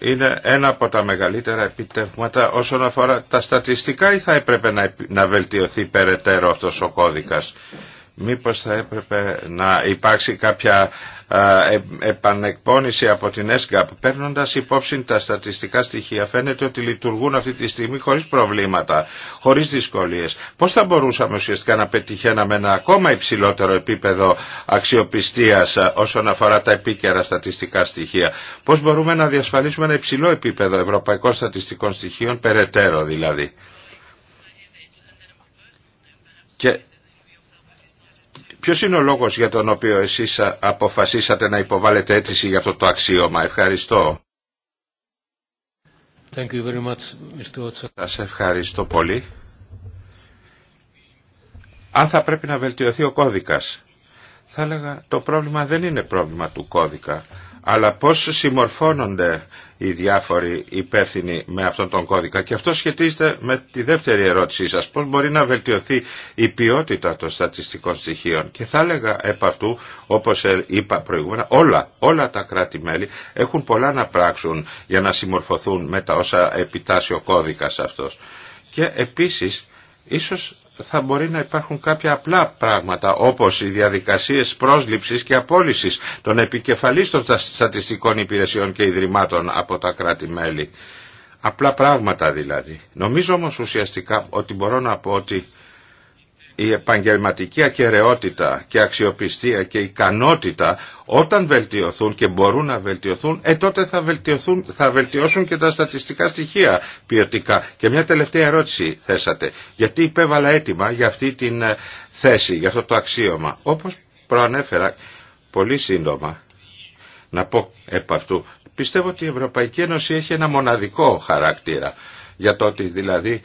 είναι ένα από τα μεγαλύτερα επιτεύγματα όσον αφορά τα στατιστικά ή θα έπρεπε να, βελτιωθεί περαιτέρω αυτός ο κώδικας μήπως θα έπρεπε να υπάρξει κάποια ε, επανεκπώνηση από την ΕΣΚΑΠ παίρνοντας υπόψη τα στατιστικά στοιχεία φαίνεται ότι λειτουργούν αυτή τη στιγμή χωρίς προβλήματα, χωρίς δυσκολίες πώς θα μπορούσαμε ουσιαστικά να πετυχαίναμε ένα ακόμα υψηλότερο επίπεδο αξιοπιστίας όσον αφορά τα επίκαιρα στατιστικά στοιχεία πώς μπορούμε να διασφαλίσουμε ένα υψηλό επίπεδο ευρωπαϊκών στατιστικών στοιχείων περαιτέρω δηλαδή Ποιος είναι ο λόγος για τον οποίο εσείς αποφασίσατε να υποβάλλετε αίτηση για αυτό το αξίωμα. Ευχαριστώ. Thank you very much, Σας ευχαριστώ πολύ. Αν θα πρέπει να βελτιωθεί ο κώδικας, θα έλεγα το πρόβλημα δεν είναι πρόβλημα του κώδικα αλλά πώς συμμορφώνονται οι διάφοροι υπεύθυνοι με αυτόν τον κώδικα. Και αυτό σχετίζεται με τη δεύτερη ερώτησή σας. Πώς μπορεί να βελτιωθεί η ποιότητα των στατιστικών στοιχείων. Και θα έλεγα επ' αυτού, όπως ε, είπα προηγούμενα, όλα, όλα τα κράτη-μέλη έχουν πολλά να πράξουν για να συμμορφωθούν με τα όσα επιτάσσει ο κώδικας αυτός. Και επίσης Ίσως θα μπορεί να υπάρχουν κάποια απλά πράγματα όπως οι διαδικασίες πρόσληψης και απόλυσης των επικεφαλής των στατιστικών υπηρεσιών και ιδρυμάτων από τα κράτη-μέλη. Απλά πράγματα δηλαδή. Νομίζω όμως ουσιαστικά ότι μπορώ να πω ότι η επαγγελματική ακαιρεότητα και αξιοπιστία και ικανότητα όταν βελτιωθούν και μπορούν να βελτιωθούν, ε τότε θα, βελτιωθούν, θα βελτιώσουν και τα στατιστικά στοιχεία ποιοτικά. Και μια τελευταία ερώτηση θέσατε. Γιατί υπέβαλα αίτημα για αυτή την ε, θέση, για αυτό το αξίωμα. Όπως προανέφερα πολύ σύντομα, να πω επ' αυτού, πιστεύω ότι η Ευρωπαϊκή Ένωση έχει ένα μοναδικό χαρακτήρα για το ότι δηλαδή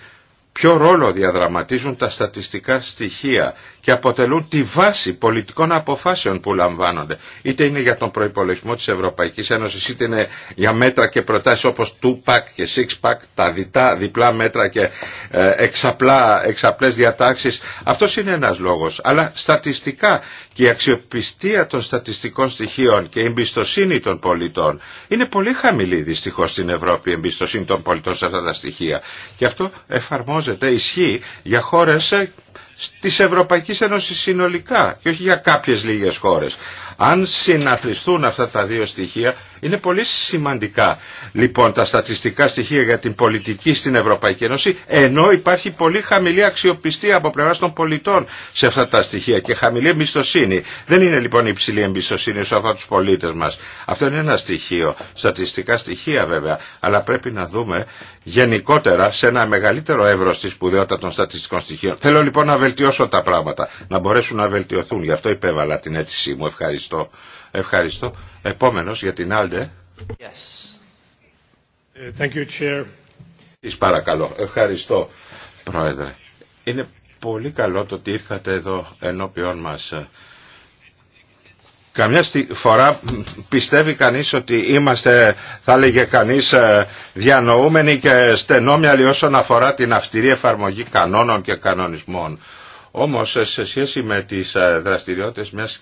ποιο ρόλο διαδραματίζουν τα στατιστικά στοιχεία και αποτελούν τη βάση πολιτικών αποφάσεων που λαμβάνονται. Είτε είναι για τον προϋπολογισμό της Ευρωπαϊκής Ένωσης, είτε είναι για μέτρα και προτάσεις όπως 2-pack και 6-pack, τα διτά, διπλά μέτρα και ε, εξαπλά, εξαπλές διατάξεις. Αυτός είναι ένας λόγος. Αλλά στατιστικά και η αξιοπιστία των στατιστικών στοιχείων και η εμπιστοσύνη των πολιτών είναι πολύ χαμηλή δυστυχώς στην Ευρώπη η εμπιστοσύνη των πολιτών σε αυτά τα στοιχεία. Και αυτό εφαρμόζεται εφαρμόζεται, ισχύει για χώρες ε, της Ευρωπαϊκής Ένωσης συνολικά και όχι για κάποιες λίγες χώρες. Αν συναθλιστούν αυτά τα δύο στοιχεία, είναι πολύ σημαντικά λοιπόν τα στατιστικά στοιχεία για την πολιτική στην Ευρωπαϊκή Ένωση, ενώ υπάρχει πολύ χαμηλή αξιοπιστία από πλευρά των πολιτών σε αυτά τα στοιχεία και χαμηλή εμπιστοσύνη. Δεν είναι λοιπόν υψηλή εμπιστοσύνη σε αυτά του πολίτε μα. Αυτό είναι ένα στοιχείο, στατιστικά στοιχεία βέβαια, αλλά πρέπει να δούμε γενικότερα σε ένα μεγαλύτερο εύρο τη σπουδαιότητα των στατιστικών στοιχείων. Θέλω λοιπόν να βελτιώσω τα πράγματα, να μπορέσουν να βελτιωθούν. Γι' αυτό υπέβαλα την αίτησή μου. Ευχαριστώ. Ευχαριστώ. Ευχαριστώ. Επόμενος για την Άλντε. Yes. Ε, thank you, Chair. Εις παρακαλώ. Ευχαριστώ, Πρόεδρε. Είναι πολύ καλό το ότι ήρθατε εδώ ενώπιόν μας. Καμιά φορά πιστεύει κανείς ότι είμαστε, θα έλεγε κανείς, ε, διανοούμενοι και στενόμυαλοι όσον αφορά την αυστηρή εφαρμογή κανόνων και κανονισμών. Όμως σε σχέση με τις ε, δραστηριότητες μιας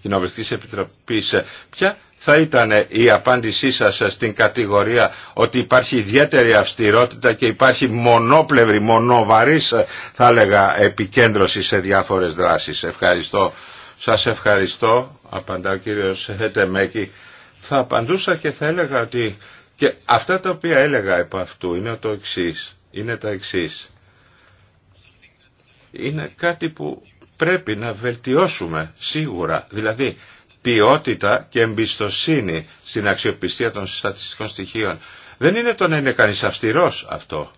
κοινοβουλευτική ε, επιτροπής, ε, ποια θα ήταν η απάντησή σας στην κατηγορία ότι υπάρχει ιδιαίτερη αυστηρότητα και υπάρχει μονόπλευρη, μονοβαρής θα έλεγα επικέντρωση σε διάφορες δράσεις. Ευχαριστώ. Σας ευχαριστώ, απαντά ο κύριος Χετεμέκη. Θα απαντούσα και θα έλεγα ότι και αυτά τα οποία έλεγα επ' αυτού είναι το εξή. Είναι τα εξής είναι κάτι που πρέπει να βελτιώσουμε σίγουρα. Δηλαδή ποιότητα και εμπιστοσύνη στην αξιοπιστία των στατιστικών στοιχείων. Δεν είναι το να είναι κανείς αυστηρός αυτό.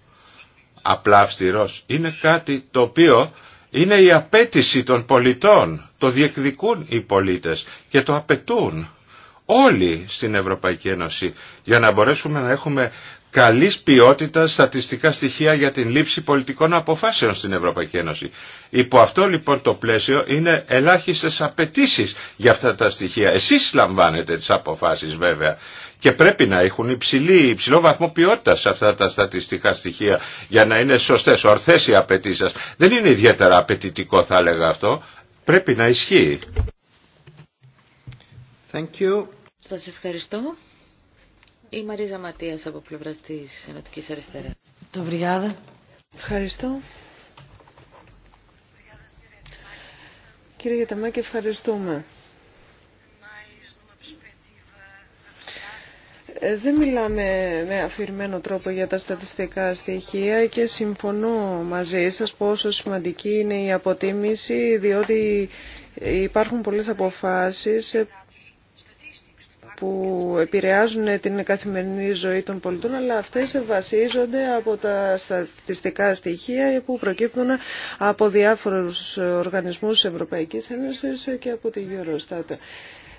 Απλά αυστηρός. Είναι κάτι το οποίο είναι η απέτηση των πολιτών. Το διεκδικούν οι πολίτες και το απαιτούν όλοι στην Ευρωπαϊκή Ένωση για να μπορέσουμε να έχουμε καλής ποιότητας στατιστικά στοιχεία για την λήψη πολιτικών αποφάσεων στην Ευρωπαϊκή Ένωση. Υπό αυτό λοιπόν το πλαίσιο είναι ελάχιστες απαιτήσεις για αυτά τα στοιχεία. Εσείς λαμβάνετε τις αποφάσεις βέβαια και πρέπει να έχουν υψηλή, υψηλό βαθμό ποιότητα σε αυτά τα στατιστικά στοιχεία για να είναι σωστές, ορθές οι απαιτήσεις σας. Δεν είναι ιδιαίτερα απαιτητικό θα έλεγα αυτό. Πρέπει να ισχύει. Thank you. Σας ευχαριστώ. Η Μαρίζα Ματίας από πλευρά της Ενωτικής Αριστερά. Το βριάδα. Ευχαριστώ. Κύριε Γεταμάκη, ευχαριστούμε. Ε, δεν μιλάμε με αφηρημένο τρόπο για τα στατιστικά στοιχεία και συμφωνώ μαζί σας πόσο σημαντική είναι η αποτίμηση διότι υπάρχουν πολλές αποφάσεις που επηρεάζουν την καθημερινή ζωή των πολιτών, αλλά αυτές βασίζονται από τα στατιστικά στοιχεία που προκύπτουν από διάφορους οργανισμούς Ευρωπαϊκής Ένωσης και από τη Eurostat.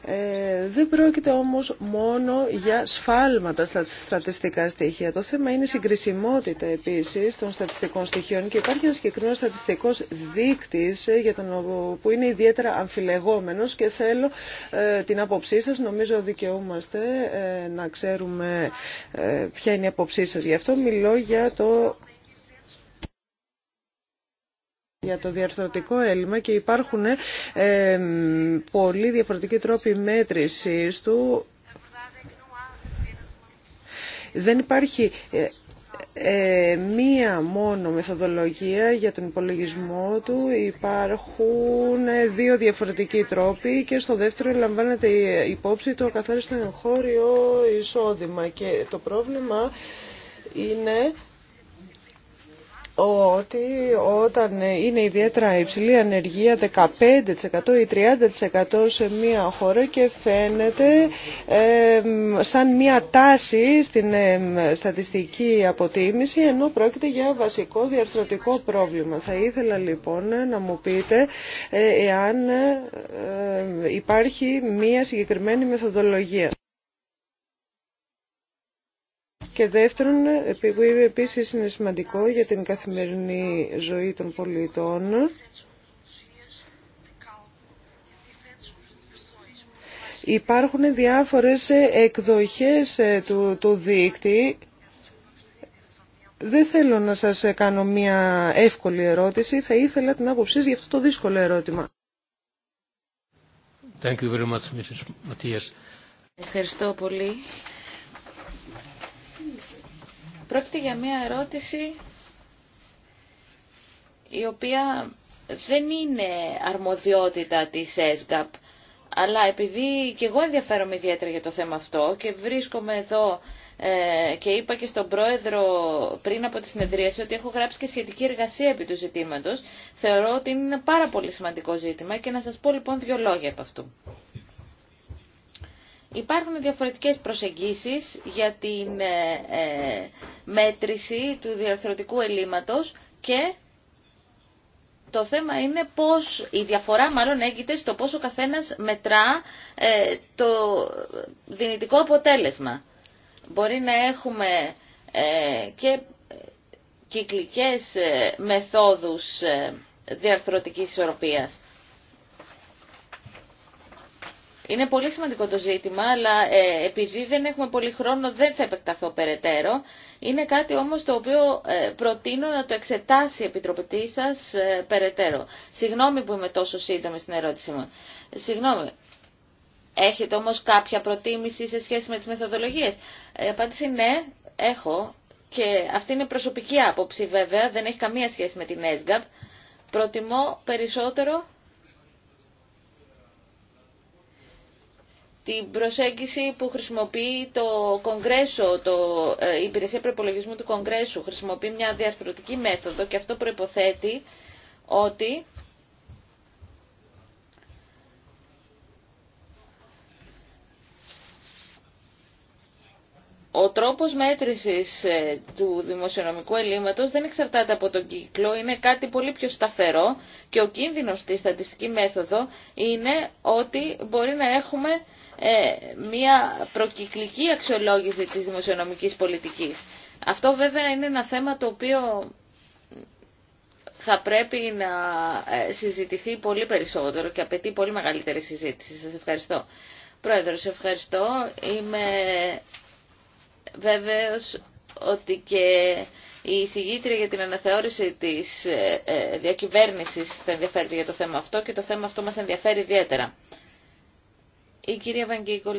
Ε, δεν πρόκειται όμως μόνο για σφάλματα στα στατιστικά στοιχεία. Το θέμα είναι η συγκρισιμότητα επίσης των στατιστικών στοιχείων και υπάρχει ένα συγκεκριμένο στατιστικός δείκτης ε, για τον, που είναι ιδιαίτερα αμφιλεγόμενος και θέλω ε, την άποψή σας. Νομίζω δικαιούμαστε να ξέρουμε ποια είναι η άποψή σας. Γι' αυτό μιλώ για το για το διαρθρωτικό έλλειμμα και υπάρχουν ε, πολύ διαφορετικοί τρόποι μέτρησης του. Δεν υπάρχει ε, ε, μία μόνο μεθοδολογία για τον υπολογισμό του. Υπάρχουν ε, δύο διαφορετικοί τρόποι και στο δεύτερο λαμβάνεται υπόψη το καθάριστο εγχώριο εισόδημα. Και το πρόβλημα είναι ότι όταν είναι ιδιαίτερα υψηλή ανεργία 15% ή 30% σε μία χώρα και φαίνεται σαν μία τάση στην στατιστική αποτίμηση ενώ πρόκειται για βασικό διαρθρωτικό πρόβλημα. Θα ήθελα λοιπόν να μου πείτε ε, εάν ε, ε, υπάρχει μία συγκεκριμένη μεθοδολογία. Και δεύτερον, που επίσης είναι σημαντικό για την καθημερινή ζωή των πολιτών, υπάρχουν διάφορες εκδοχές ε, του, του δίκτυ. Δεν θέλω να σας κάνω μια εύκολη ερώτηση, θα ήθελα την άποψή για αυτό το δύσκολο ερώτημα. Thank you very Ευχαριστώ πολύ. Πρόκειται για μια ερώτηση η οποία δεν είναι αρμοδιότητα της ΕΣΓΑΠ, αλλά επειδή και εγώ ενδιαφέρομαι ιδιαίτερα για το θέμα αυτό και βρίσκομαι εδώ ε, και είπα και στον πρόεδρο πριν από τη συνεδρίαση ότι έχω γράψει και σχετική εργασία επί του ζητήματος. Θεωρώ ότι είναι ένα πάρα πολύ σημαντικό ζήτημα και να σας πω λοιπόν δύο λόγια από αυτού. Υπάρχουν διαφορετικές προσεγγίσεις για την ε, ε, μέτρηση του διαρθρωτικού ελλείμματος και το θέμα είναι πώς η διαφορά μάλλον έγινε στο πόσο καθένας μετρά ε, το δυνητικό αποτέλεσμα. Μπορεί να έχουμε και κυκλικές μεθόδους διαρθρωτικής ισορροπίας. Είναι πολύ σημαντικό το ζήτημα, αλλά ε, επειδή δεν έχουμε πολύ χρόνο δεν θα επεκταθώ περαιτέρω. Είναι κάτι όμως το οποίο ε, προτείνω να το εξετάσει η Επιτροπή σας ε, περαιτέρω. Συγγνώμη που είμαι τόσο σύντομη στην ερώτησή μου. Συγγνώμη. Έχετε όμως κάποια προτίμηση σε σχέση με τις μεθοδολογίες. Ε, η απάντηση ναι, έχω. Και αυτή είναι προσωπική άποψη βέβαια, δεν έχει καμία σχέση με την ΕΣΓΑΠ. Προτιμώ περισσότερο την προσέγγιση που χρησιμοποιεί το Κογκρέσο, το, ε, η Υπηρεσία Προπολογισμού του Κογκρέσου. Χρησιμοποιεί μια διαρθρωτική μέθοδο και αυτό προϋποθέτει ότι ο τρόπος μέτρησης ε, του δημοσιονομικού ελλείμματος δεν εξαρτάται από τον κύκλο, είναι κάτι πολύ πιο σταθερό και ο κίνδυνος στη στατιστική μέθοδο είναι ότι μπορεί να έχουμε ε, μια προκυκλική αξιολόγηση της δημοσιονομικής πολιτικής. Αυτό βέβαια είναι ένα θέμα το οποίο θα πρέπει να ε, συζητηθεί πολύ περισσότερο και απαιτεί πολύ μεγαλύτερη συζήτηση. Σας ευχαριστώ. Πρόεδρος, ευχαριστώ βέβαιος ότι και η εισηγήτρια για την αναθεώρηση της ε, ε, διακυβέρνησης θα ενδιαφέρεται για το θέμα αυτό και το θέμα αυτό μας ενδιαφέρει ιδιαίτερα. Η κυρία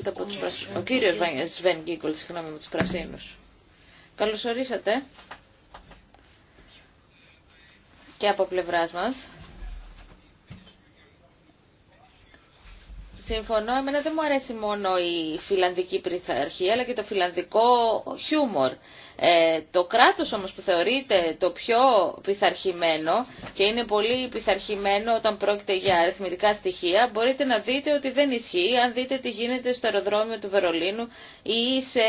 από τους ο κύριος Βανγκίκολ, συγγνώμη, με τους πρασίνους. Καλωσορίσατε και από πλευράς μας. Συμφωνώ, εμένα δεν μου αρέσει μόνο η φιλανδική πειθαρχία, αλλά και το φιλανδικό χιούμορ. Ε, το κράτος όμως που θεωρείται το πιο πειθαρχημένο και είναι πολύ πειθαρχημένο όταν πρόκειται για αριθμητικά στοιχεία, μπορείτε να δείτε ότι δεν ισχύει αν δείτε τι γίνεται στο αεροδρόμιο του Βερολίνου ή σε...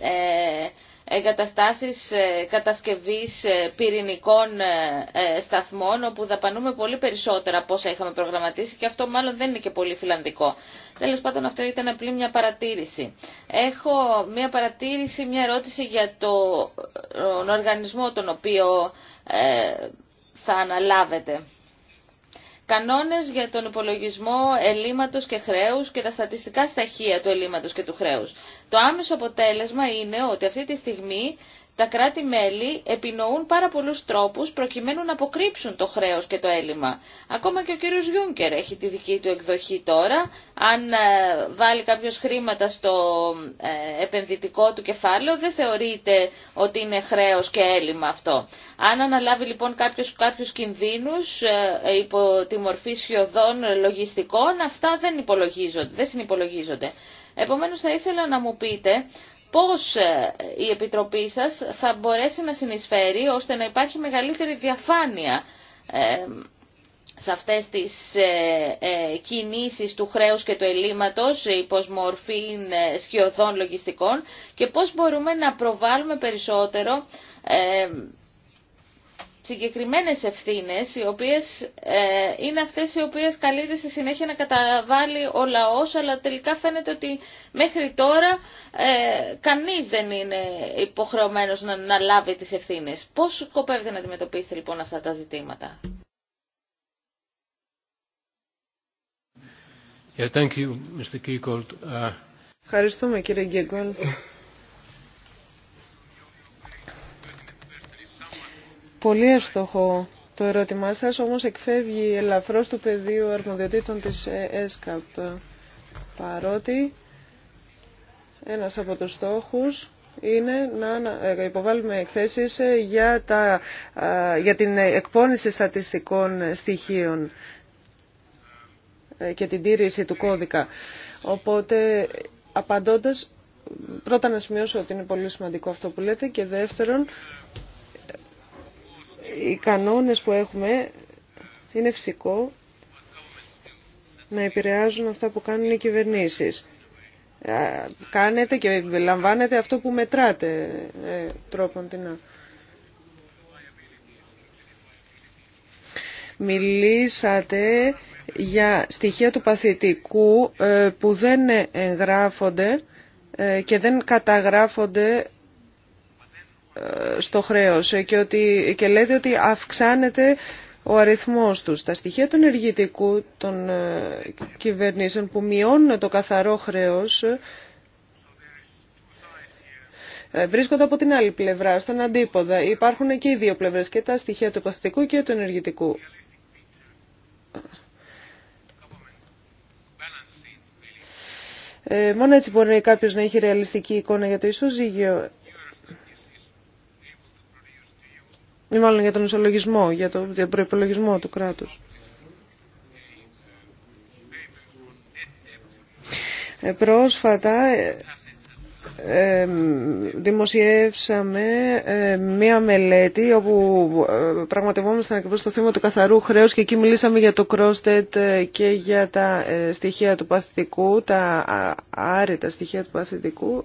Ε, εγκαταστάσεις ε, κατασκευής ε, πυρηνικών ε, σταθμών όπου δαπανούμε πολύ περισσότερα από όσα είχαμε προγραμματίσει και αυτό μάλλον δεν είναι και πολύ φιλανδικό. Τέλο πάντων αυτό ήταν απλή μια παρατήρηση. Έχω μια παρατήρηση, μια ερώτηση για τον οργανισμό τον οποίο θα αναλάβετε κανόνες για τον υπολογισμό ελλείμματος και χρέους και τα στατιστικά στοιχεία του ελλείμματος και του χρέους. Το άμεσο αποτέλεσμα είναι ότι αυτή τη στιγμή τα κράτη-μέλη επινοούν πάρα πολλούς τρόπους προκειμένου να αποκρύψουν το χρέος και το έλλειμμα. Ακόμα και ο κύριος Γιούγκερ έχει τη δική του εκδοχή τώρα. Αν ε, βάλει κάποιος χρήματα στο ε, επενδυτικό του κεφάλαιο δεν θεωρείται ότι είναι χρέος και έλλειμμα αυτό. Αν αναλάβει λοιπόν κάποιους κάποιους κινδύνους ε, υπό τη μορφή σιωδών λογιστικών αυτά δεν δεν συνυπολογίζονται. Επομένως θα ήθελα να μου πείτε πώς ε, η Επιτροπή σας θα μπορέσει να συνεισφέρει ώστε να υπάρχει μεγαλύτερη διαφάνεια ε, σε αυτές τις ε, κινήσεις του χρέους και του ελλείμματος υπό μορφή σκιωδών λογιστικών και πώς μπορούμε να προβάλλουμε περισσότερο συγκεκριμένες ευθύνες, οι οποίες ε, είναι αυτές οι οποίες καλείται στη συνέχεια να καταβάλει ο λαός, αλλά τελικά φαίνεται ότι μέχρι τώρα ε, κανείς δεν είναι υποχρεωμένος να, λάβει τις ευθύνες. Πώς σκοπεύετε να αντιμετωπίσετε λοιπόν αυτά τα ζητήματα. Yeah, thank you, Mr. Uh, Ευχαριστούμε κύριε Γκίγκολ. πολύ εύστοχο το ερώτημά σας, όμως εκφεύγει ελαφρώς του πεδίου αρμοδιοτήτων της ΕΣΚΑΠ, παρότι ένας από τους στόχους είναι να ε, υποβάλουμε εκθέσεις για, τα, για την εκπόνηση στατιστικών στοιχείων και την τήρηση του κώδικα. Οπότε, απαντώντας, πρώτα να σημειώσω ότι είναι πολύ σημαντικό αυτό που λέτε και δεύτερον, οι κανόνες που έχουμε είναι φυσικό να επηρεάζουν αυτά που κάνουν οι κυβερνήσεις. Κάνετε και λαμβάνετε αυτό που μετράτε ε, τρόπον την Μιλήσατε για στοιχεία του παθητικού ε, που δεν εγγράφονται ε, και δεν καταγράφονται στο χρέος και, ότι, και λέτε ότι αυξάνεται ο αριθμός τους. Τα στοιχεία του ενεργητικού των ε, κυβερνήσεων που μειώνουν το καθαρό χρέος ε, βρίσκονται από την άλλη πλευρά, στον αντίποδα. Υπάρχουν και οι δύο πλευρές, και τα στοιχεία του υποθετικού και του ενεργητικού. Ε, μόνο έτσι μπορεί κάποιος να έχει ρεαλιστική εικόνα για το ισοζύγιο. ή μάλλον για τον ισολογισμό, για τον προπολογισμό του κράτους. Ε, πρόσφατα ε, ε, δημοσιεύσαμε μία μελέτη όπου πραγματευόμασταν ακριβώς το θέμα του καθαρού χρέους και εκεί μιλήσαμε για το κρόστετ και για τα στοιχεία του παθητικού, τα άρετα στοιχεία του παθητικού.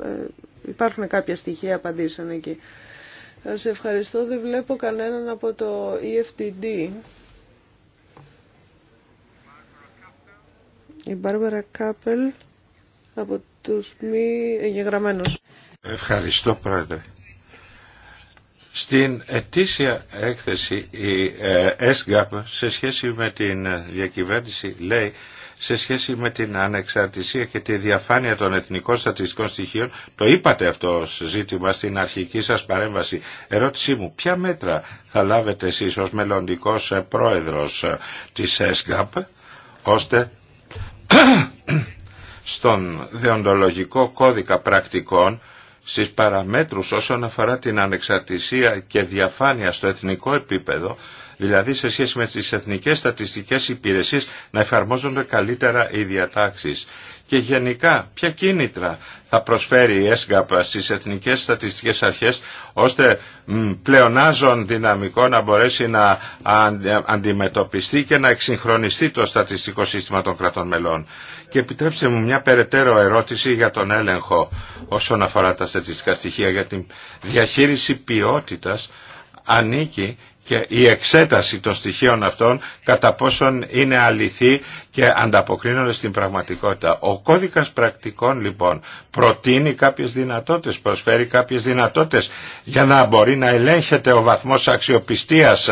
Υπάρχουν κάποια στοιχεία απαντήσεων εκεί. Σας ευχαριστώ. Δεν βλέπω κανέναν από το EFTD. Η Μπάρμπαρα Κάπελ από τους μη εγγεγραμμένους. Ευχαριστώ πρόεδρε. Στην ετήσια έκθεση η ΕΣΓΑΠ σε σχέση με την ε, διακυβέρνηση λέει σε σχέση με την ανεξαρτησία και τη διαφάνεια των εθνικών στατιστικών στοιχείων. Το είπατε αυτό ζήτημα στην αρχική σας παρέμβαση. Ερώτησή μου, ποια μέτρα θα λάβετε εσείς ως μελλοντικός πρόεδρος της ΕΣΓΑΠ, ώστε στον δεοντολογικό κώδικα πρακτικών στις παραμέτρους όσον αφορά την ανεξαρτησία και διαφάνεια στο εθνικό επίπεδο δηλαδή σε σχέση με τις εθνικές στατιστικές υπηρεσίες να εφαρμόζονται καλύτερα οι διατάξεις. Και γενικά, ποια κίνητρα θα προσφέρει η ΕΣΚΑΠ στις Εθνικές Στατιστικές Αρχές ώστε πλεονάζον δυναμικό να μπορέσει να ε, αντιμετωπιστεί και να εξυγχρονιστεί το στατιστικό σύστημα των κρατών μελών. Και επιτρέψτε μου μια περαιτέρω ερώτηση για τον έλεγχο όσον αφορά τα στατιστικά στοιχεία για την διαχείριση ποιότητας ανήκει και η εξέταση των στοιχείων αυτών κατά πόσον είναι αληθή και ανταποκρίνονται στην πραγματικότητα. Ο κώδικας πρακτικών λοιπόν προτείνει κάποιες δυνατότητες, προσφέρει κάποιες δυνατότητες για να μπορεί να ελέγχεται ο βαθμός αξιοπιστίας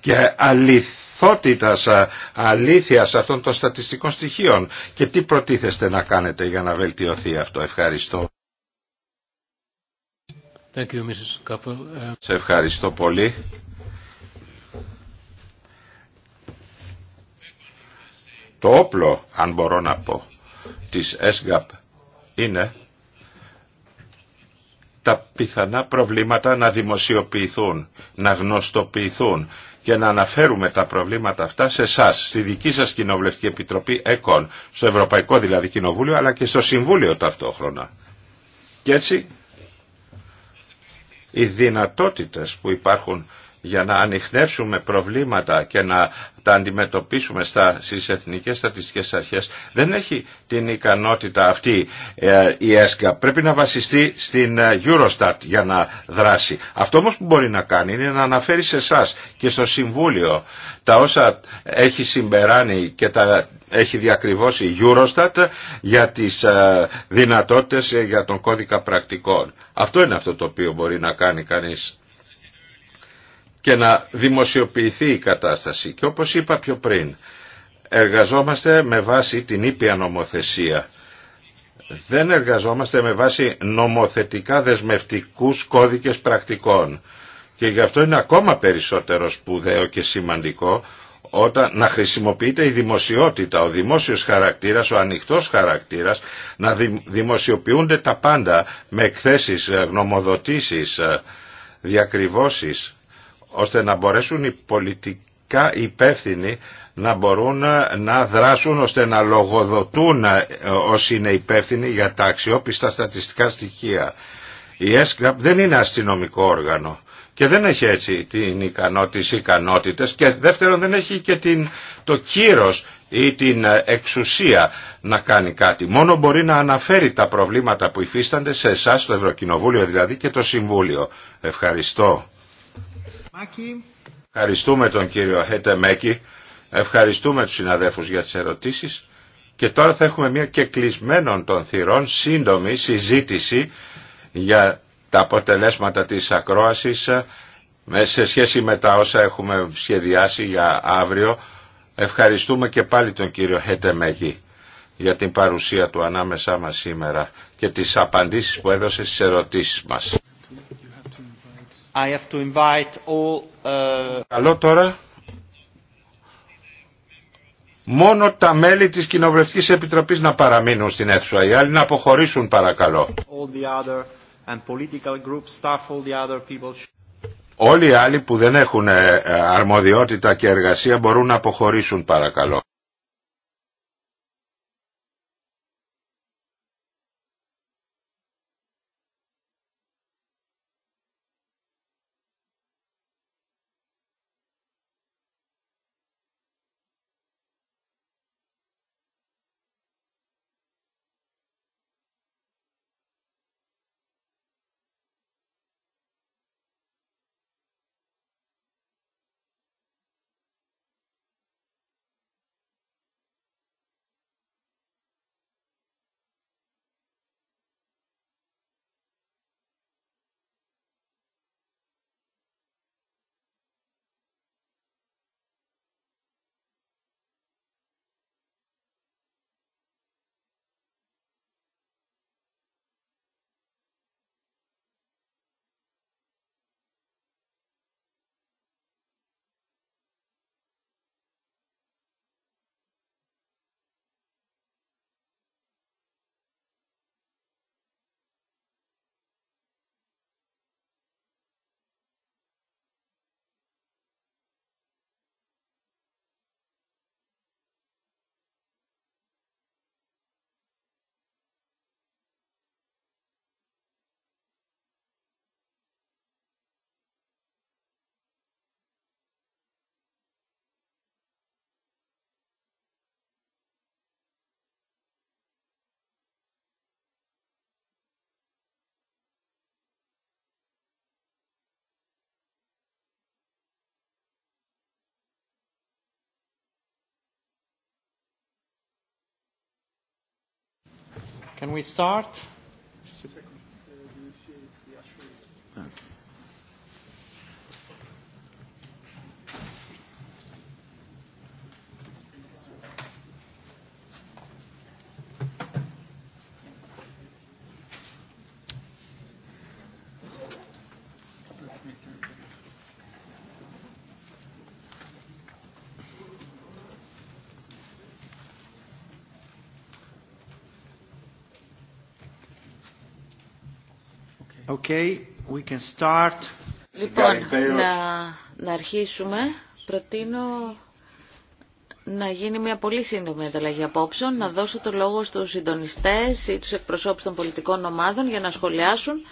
και αληθότητας, αλήθειας αυτών των στατιστικών στοιχείων. Και τι προτίθεστε να κάνετε για να βελτιωθεί αυτό. Ευχαριστώ. you, Σε ευχαριστώ πολύ. Το όπλο, αν μπορώ να πω, της ΕΣΓΑΠ είναι τα πιθανά προβλήματα να δημοσιοποιηθούν, να γνωστοποιηθούν και να αναφέρουμε τα προβλήματα αυτά σε εσά, στη δική σας Κοινοβουλευτική Επιτροπή ΕΚΟΝ, στο Ευρωπαϊκό δηλαδή Κοινοβούλιο, αλλά και στο Συμβούλιο ταυτόχρονα. Και έτσι οι δυνατότητες που υπάρχουν για να ανοιχνεύσουμε προβλήματα και να τα αντιμετωπίσουμε στα, στις εθνικές στατιστικές αρχές δεν έχει την ικανότητα αυτή ε, η ΕΣΚΑ. Πρέπει να βασιστεί στην ε, Eurostat για να δράσει. Αυτό όμως που μπορεί να κάνει είναι να αναφέρει σε εσά και στο Συμβούλιο τα όσα έχει συμπεράνει και τα έχει διακριβώσει η Eurostat για τις ε, δυνατότητες για τον κώδικα πρακτικών. Αυτό είναι αυτό το οποίο μπορεί να κάνει κανείς και να δημοσιοποιηθεί η κατάσταση. Και όπως είπα πιο πριν, εργαζόμαστε με βάση την ήπια νομοθεσία. Δεν εργαζόμαστε με βάση νομοθετικά δεσμευτικούς κώδικες πρακτικών. Και γι' αυτό είναι ακόμα περισσότερο σπουδαίο και σημαντικό όταν να χρησιμοποιείται η δημοσιότητα, ο δημόσιος χαρακτήρας, ο ανοιχτός χαρακτήρας, να δημοσιοποιούνται τα πάντα με εκθέσεις, ε, γνωμοδοτήσεις, ε, διακριβώσεις ώστε να μπορέσουν οι πολιτικά υπεύθυνοι να μπορούν να δράσουν ώστε να λογοδοτούν ε, όσοι είναι υπεύθυνοι για τα αξιόπιστα στατιστικά στοιχεία. Η ΕΣΚΑΠ δεν είναι αστυνομικό όργανο και δεν έχει έτσι την ικανό, τις ικανότητες και δεύτερον δεν έχει και την, το κύρος ή την ε, εξουσία να κάνει κάτι. Μόνο μπορεί να αναφέρει τα προβλήματα που υφίστανται σε εσά, το Ευρωκοινοβούλιο δηλαδή και το Συμβούλιο. Ευχαριστώ. Ευχαριστούμε τον κύριο Μέκη Ευχαριστούμε τους συναδέφους για τις ερωτήσεις. Και τώρα θα έχουμε μια και κλεισμένων των θυρών σύντομη συζήτηση για τα αποτελέσματα της ακρόασης ε, σε σχέση με τα όσα έχουμε σχεδιάσει για αύριο. Ευχαριστούμε και πάλι τον κύριο Μέκη για την παρουσία του ανάμεσά μας σήμερα και τις απαντήσεις που έδωσε στις ερωτήσεις μας. Uh, Καλό τώρα μόνο τα μέλη της Κοινοβουλευτικής Επιτροπής να παραμείνουν στην αίθουσα. Οι άλλοι να αποχωρήσουν παρακαλώ. Όλοι οι άλλοι που δεν έχουν ε, αρμοδιότητα και εργασία μπορούν να αποχωρήσουν παρακαλώ. Can we start? Okay, we can start. Λοιπόν, να, να αρχίσουμε. Προτείνω να γίνει μια πολύ σύντομη ανταλλαγή απόψεων, να δώσω το λόγο στους συντονιστές ή τους εκπροσώπους των πολιτικών ομάδων για να σχολιάσουν